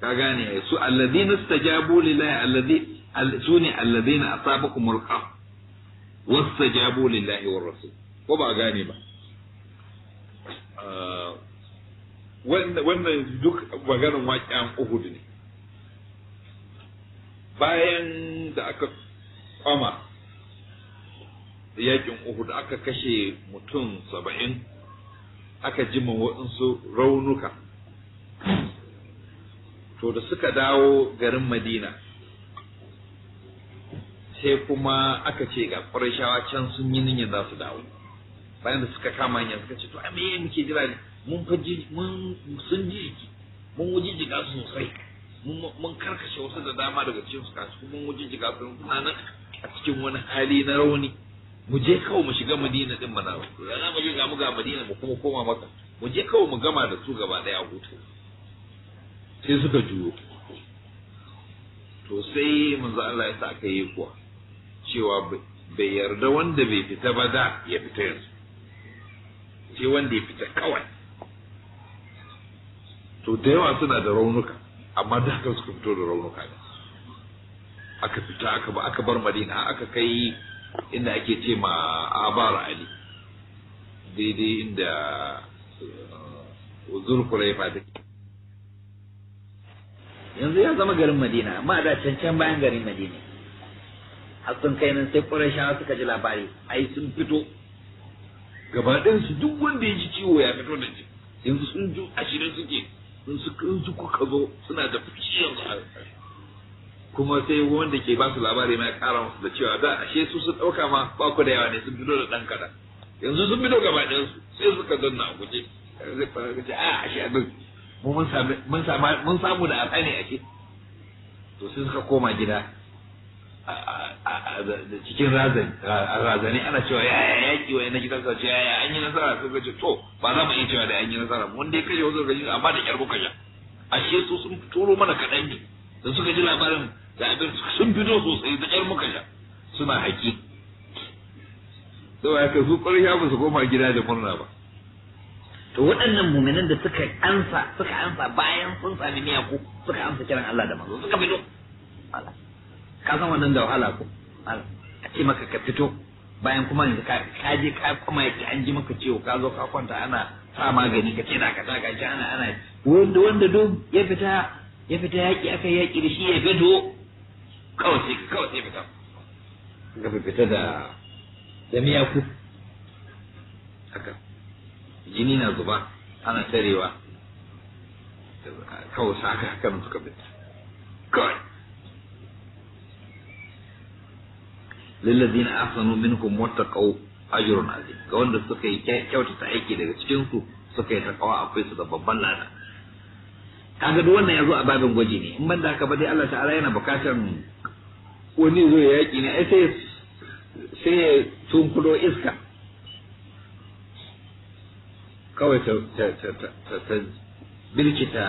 ka gane su alladhina istajabu lillahi alladhi su ne alladhina asabakumul qaf wastajabu lillahi war rasul ko ba gane ba ah, wannan duk maganar waƙi an uhud ne bayan da aka kwama yakin Uhud aka kashe mutum saba'in aka jima waɗansu raunuka to da suka dawo garin Madina sai kuma aka ce ga ƙurashawa can sun yi niyyar za su dawo bayan da suka kama hanya suka ce to a me muke jira ne mun fa mun sun ji jiki mun wuji jiga sosai mun karkashe wasu da dama daga cikin su kasu mun wuce jiga su suna nan a cikin wani hali na rauni mu je kawai mu shiga madina din mana ba ya mu je ga mu ga madina mu kuma koma maka mu je kawai mu gama da su gaba daya a hutu sai suka juyo to sai manzo Allah ya sa aka yi kuwa cewa bai yarda wanda bai fita ba da ya fita yanzu sai wanda ya fita kawai to da yawa suna da raunuka amma da haka suka fito da raunuka ne aka fita aka ba aka bar madina aka kai inda ake ce ma abar ali daidai inda uh, kulaifa take yanzu ya zama garin madina amma da cancan bayan garin madina har sun kai nan sai ƙurashawa suka ji labari ai sun fito su duk wanda ya ji ciwo ya fito da ji yanzu sun ju ashirin suke in su kuka zo suna da fushi yanzu a kuma sai wanda ke ba su labari mai ya kara musu da cewa da ashe su sun ɗauka ma ba ku da yawa ne sun bido da ɗan kada yanzu sun bido gaba ɗayan su sai suka zanna a guje zai fara gace a ah, ashe abin mun samu da asani ashe to sai suka koma gida cikin razani ana cewa ya yaƙi wa yana gidan sa ce ya an yi nasara sai ce to ba za mu iya cewa da an yi nasara mun dai kashe wasu gari amma da kyar kuka sha ashe su sun turo mana kaɗan ne da suka ji labarin da abin sun fito sosai da kyar muka suna haƙi sau ya kai su ƙwarshe musu su koma gida da murna ba to waɗannan muminan da suka ansa suka ansa bayan sun sami miyaku suka ansa kiran Allah da manzo suka fito Allah ka san wannan da wahala ko a ce maka ka fito bayan kuma yanzu ka je ka kuma yake an ji maka ciwo ka zo ka kwanta ana sa magani ka ce da ka ta gaji ana ana wanda wanda duk ya fita ya fita yaki aka yaki da shi ya gado kawai sai kawai sai fita ga fita da da miyaku haka jini na zuba ana tarewa kawai sa haka haka suka fita kawai lillazina ahsanu minkum wattaqaw ajrun azim ga wanda suka yi kyautata aiki daga cikin su suka yi takawa akwai su da babban lada kaga duk wannan yazo a babin gwaji ne in banda haka ba dai Allah ta'ala yana bukatar wani zo yaki ne ai sai sai ya tunkudo iska kawai ta ta ta ta ta birkita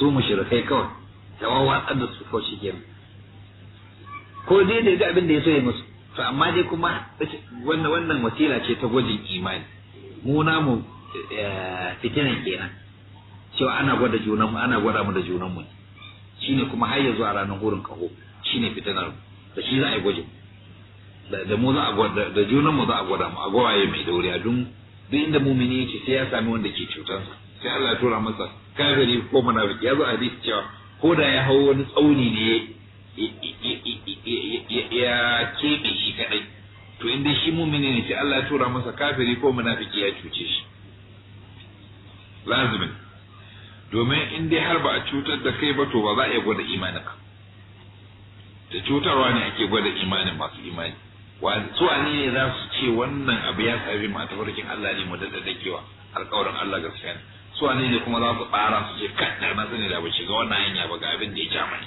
su mushrikai kawai da wawa da su ko shi kenan ko zai da ga abin da ya so ya musu to amma dai kuma wannan wannan wasila ce ta gwajin imani mu na mu eh, fitinan kenan cewa ana gwada junan mu ana gwada mu da junan mu shine kuma har ya a ranar gurin kaho shine fitinar mu da shi za a yi gwajin da mu za a gwada da junan mu za a gwada mu a gwaye mai dauriya dun duk inda mumini yake sai ya sami wanda ke cutarsa sai Allah ya tura masa kafiri ko munafiki ya zo hadisi cewa ko da ya hau wani tsauni ne ya keɓe shi kadai to inda shi mumini ne sai Allah ya tura masa kafiri ko munafiki ya cuce shi lazimin domin in dai har ba a cutar da kai ba to ba za a iya gwada ka da cutarwa ne ake gwada imanin masu imani su a ne za su ce wannan abu ya sami ma farkin Allah ne mu da kewa alƙawarin Allah gaskiya su a ne kuma za su tsara su ce kaɗa na sani da ba ga wannan hanya ba ga abin da ya kyamani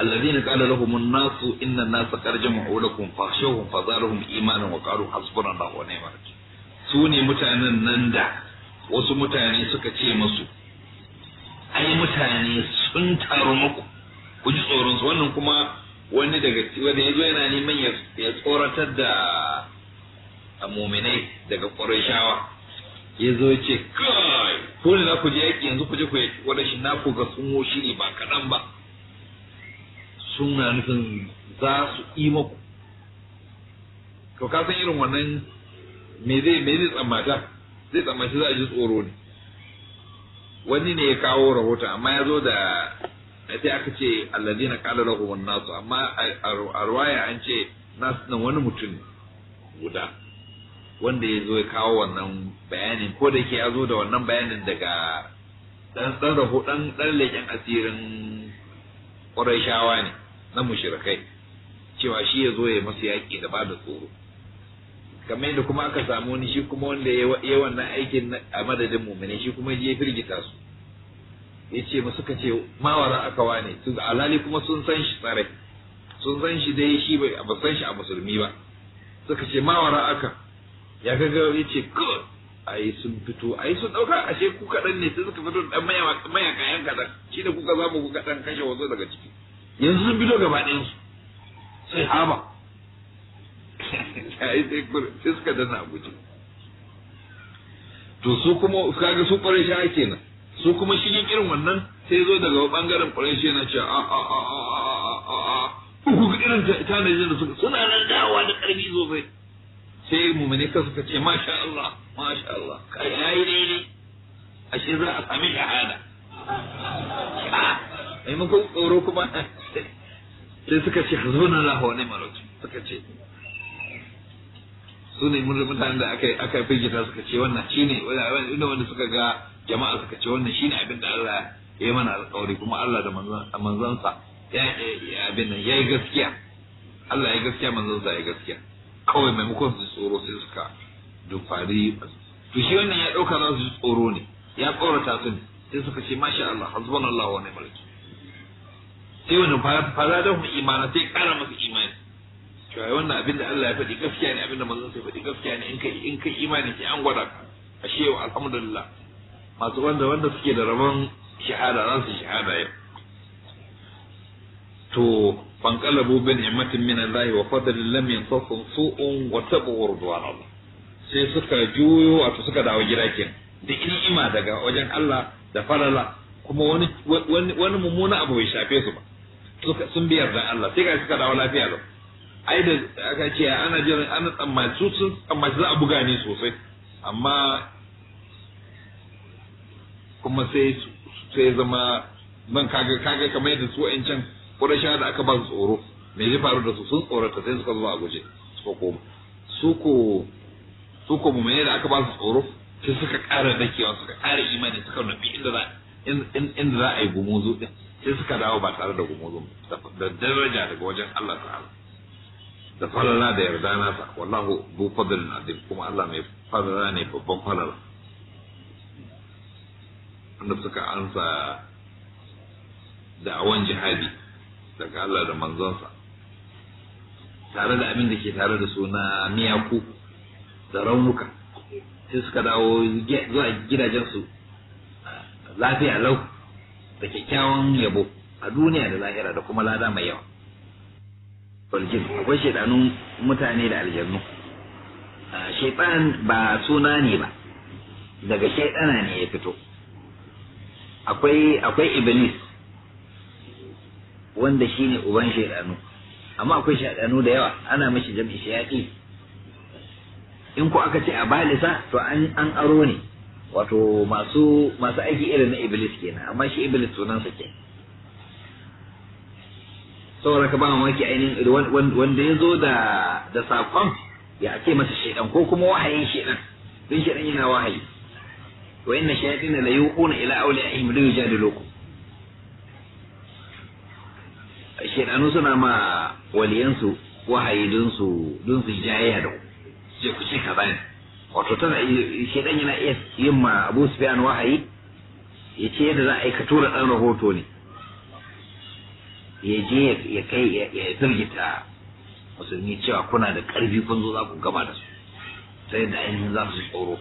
الذين قال لهم الناس ان الناس قد جمعوا لكم فاخشوهم فزادهم ايمانا وقالوا حسبنا الله ونعم الوكيل سوني متانن نندا wasu mutane suka ce musu ai mutane sun taru muku ku ji tsoronsu wannan kuma wani daga wanda ya zo yana neman ya tsoratar da muminai daga ƙurashawa ya zo ce kai ko ne na ku je yaƙi yanzu ku je ku yi wani shi na ku ga sun ne ba kaɗan ba suna nufin za su yi maku to ka san irin wannan me zai me zai tsammata za a ji tsoro ne wani ne ya kawo rahoton amma ya zo da sai aka ce alladina qala lahum nasu amma a ruwaya an ce nasu nan wani mutum guda wanda ya zo ya kawo wannan bayanin ko da ke ya zo da wannan bayanin daga dan dan ɗan dan leken asirin ƙwarai shawa ne na mushrikai cewa shi ya zo ya masa yaƙi da ba da tsoro kamar yadda kuma aka samu wani shi kuma wanda ya wannan aikin a madadin mumini shi kuma ya firgita su ya ce mu suka ce mawara aka wane su alali kuma sun san shi tsare sun san shi dai shi ba san shi a musulmi ba suka ce mawara aka ya gaga ya ce kawai ai sun fito ai sun dauka ashe ku kaɗan ne sai suka fito dan mayaka yan kaɗan shi da kuka zamu ku kaɗan kashe wazo daga ciki yanzu sun bido gaba ɗayan su sai haba sai sai suka danna guje to su kuma kaga su ƙwarai sha kenan su kuma shi irin wannan sai zo daga bangaren ƙwarai shi na ce a a a a a a uku irin tanajin da suka suna nan dawa da ƙarfi sosai sai mene ka suka ce masha Allah masha Allah ka yayi daidai ashe za a sami shahada maimakon tsoro kuma sai suka ce hazbun Allah wa ne wakil suka ce su ne mutanen da aka aka firgita suka ce wannan shine wanda wanda suka ga jama'a suka ce wannan shine abin da Allah ya yi mana alƙawari kuma Allah da manzansa ya abin nan yayi gaskiya Allah ya gaskiya manzansa ya gaskiya kawai maimakon su tsoro sai suka dufari to shi wannan ya dauka za su tsoro ne ya tsorata su ne sai suka ce masha Allah hasbunallahu wa ni'mal wakeel sai wannan fara da kuma imana sai kara masa imani to ai wannan abin da Allah ya faɗi gaskiya ne abin da manzon sai faɗi gaskiya ne in kai in kai imani sai an gwada ka ashe wa alhamdulillah masu wanda wanda suke da rabon shahada za su shahada yau to kalabu bi ni'matin min Allah wa fadlin lam yantasum su'un wa tabu ridwan Allah sai suka juyo wato suka dawo gida kin da ni'ima daga wajen Allah da farala kuma wani wani mummuna abu bai shafe su ba sun bi yardan Allah sai ga suka dawo lafiya lau ai da aka ce ana jiran ana tsammaci su sun tsammaci za a buga ne sosai amma kuma sai sai zama ban kaga kaga kamar yadda su ƴancan ƙurasha da aka ba su tsoro me zai faru da su sun tsorata sai suka zo a guje suka koma su ko su ko mu da aka ba su tsoro sai suka ƙara dakewa suka ƙara imani suka nufi inda za inda za a yi gumuzo din sai suka dawo ba tare da gumuzun da daraja daga wajen Allah ta'ala da falala da yarda nasa wallahu bu fadlin adim kuma Allah mai falala ne babban falala wanda suka ansa da'awan jihadi daga Allah da manzonsa tare da abin da ke tare da su na miyaku da raunuka sai suka dawo zuwa gidajensu lafiya lau da kyakkyawan yabo a duniya da lahira da kuma lada mai yawa waljin akwai shaidanun mutane da aljannu shaitan ba suna ne ba daga shaidana ne ya fito akwai akwai iblis wanda shine uban shaidanu amma akwai shaidanu da yawa ana mashi jam'i shayaki in ko aka ce a balisa to an aro ne wato masu masu aiki irin na iblis kenan amma shi iblis sunan sa ke saboda ka ba mamaki ainihin wanda ya zo da da saƙon ya ake masa shaidan ko kuma wahayin shaidan don shaidan yana wahayi wa inna shayatin la yuquna ila awliyaihim la yujadiluku shaidanu suna ma waliyansu wahayi don su don su jayayya da ku ce ku ce ka bani wato tana shedan yana iya yin ma Abu Sufyan wahayi ya ce yadda za a yi ka tura ɗan rahoto ne ya je ya kai ya zirgita musulmi cewa kuna da ƙarfi kun zo za ku gama da su sai da ainihin za su tsoro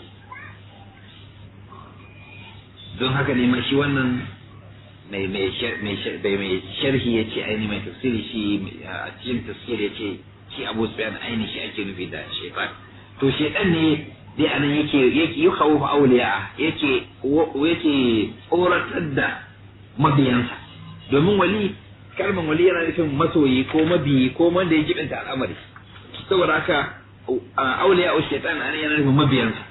don haka ne ma shi wannan mai mai sharhi ya ce ainihin mai tafsiri shi a cikin tafsiri ya ce shi abu sufyan ainihin shi ake nufi da shaitan to shaitan ne dai anan yake yake yi fa auliya yake yake tsoratar da mabiyansa domin wali kalman wali yana nufin masoyi ko mabiyi ko wanda ya jibinta al'amari saboda haka auliya o shaitan anan yana nufin mabiyansa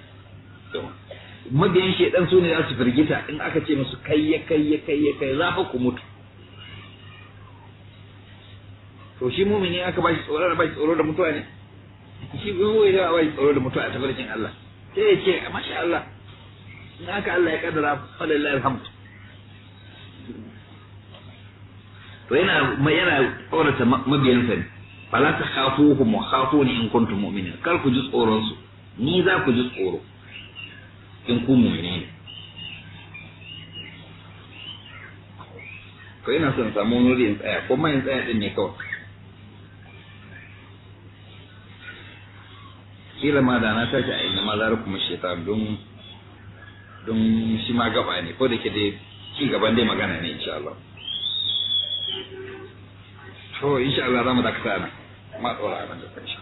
mabiyan shaitan su ne za su firgita in aka ce musu kai ya kai ya kai ya kai za ku mutu to shi mumini aka ba shi tsoro da ba shi tsoro da mutuwa ne shi gowa ya wai tsoro da mutuwa a tabarikin Allah sai ya ce masha Allah in haka Allah ya kadara falillahi alhamdu to yana yana tsorata mabiyansa ne fala ta khafuhum wa khafuni in kuntum mu'minin kar ku ji tsoron su ni za ku ji tsoro in ku mu'mine ne to ina son samu wuri in tsaya ko mai tsaya din ne kawai kila ma da na tashi a inda ma zara kuma shaitan don don shi ma gaba ne ko da ke dai ci gaban dai magana ne insha Allah to insha Allah za mu kasa na ma tsora a da kanshi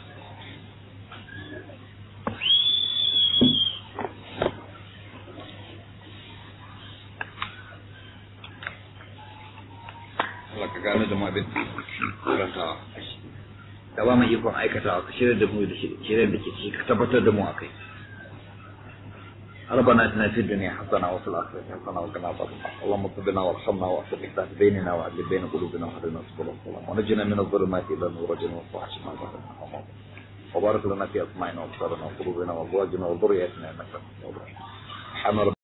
Allah ka gane da ma bin karanta ka ba mu ikon aikatawa ka shirya da mu da shirya da ke ciki ka tabbatar da mu a kai ربنا اتنا في الدنيا حسنه وفي الاخره حسنه وقنا عذاب النار اللهم اغفر لنا وارحمنا واصلح ذات بيننا وعدل بين قلوبنا وهدنا سبل السلام ونجنا من الظلمات الى النور وجنا والفحش ما ظهرنا وبارك لنا في اسماعنا وابصارنا وقلوبنا وازواجنا وذرياتنا انك انت الرحمن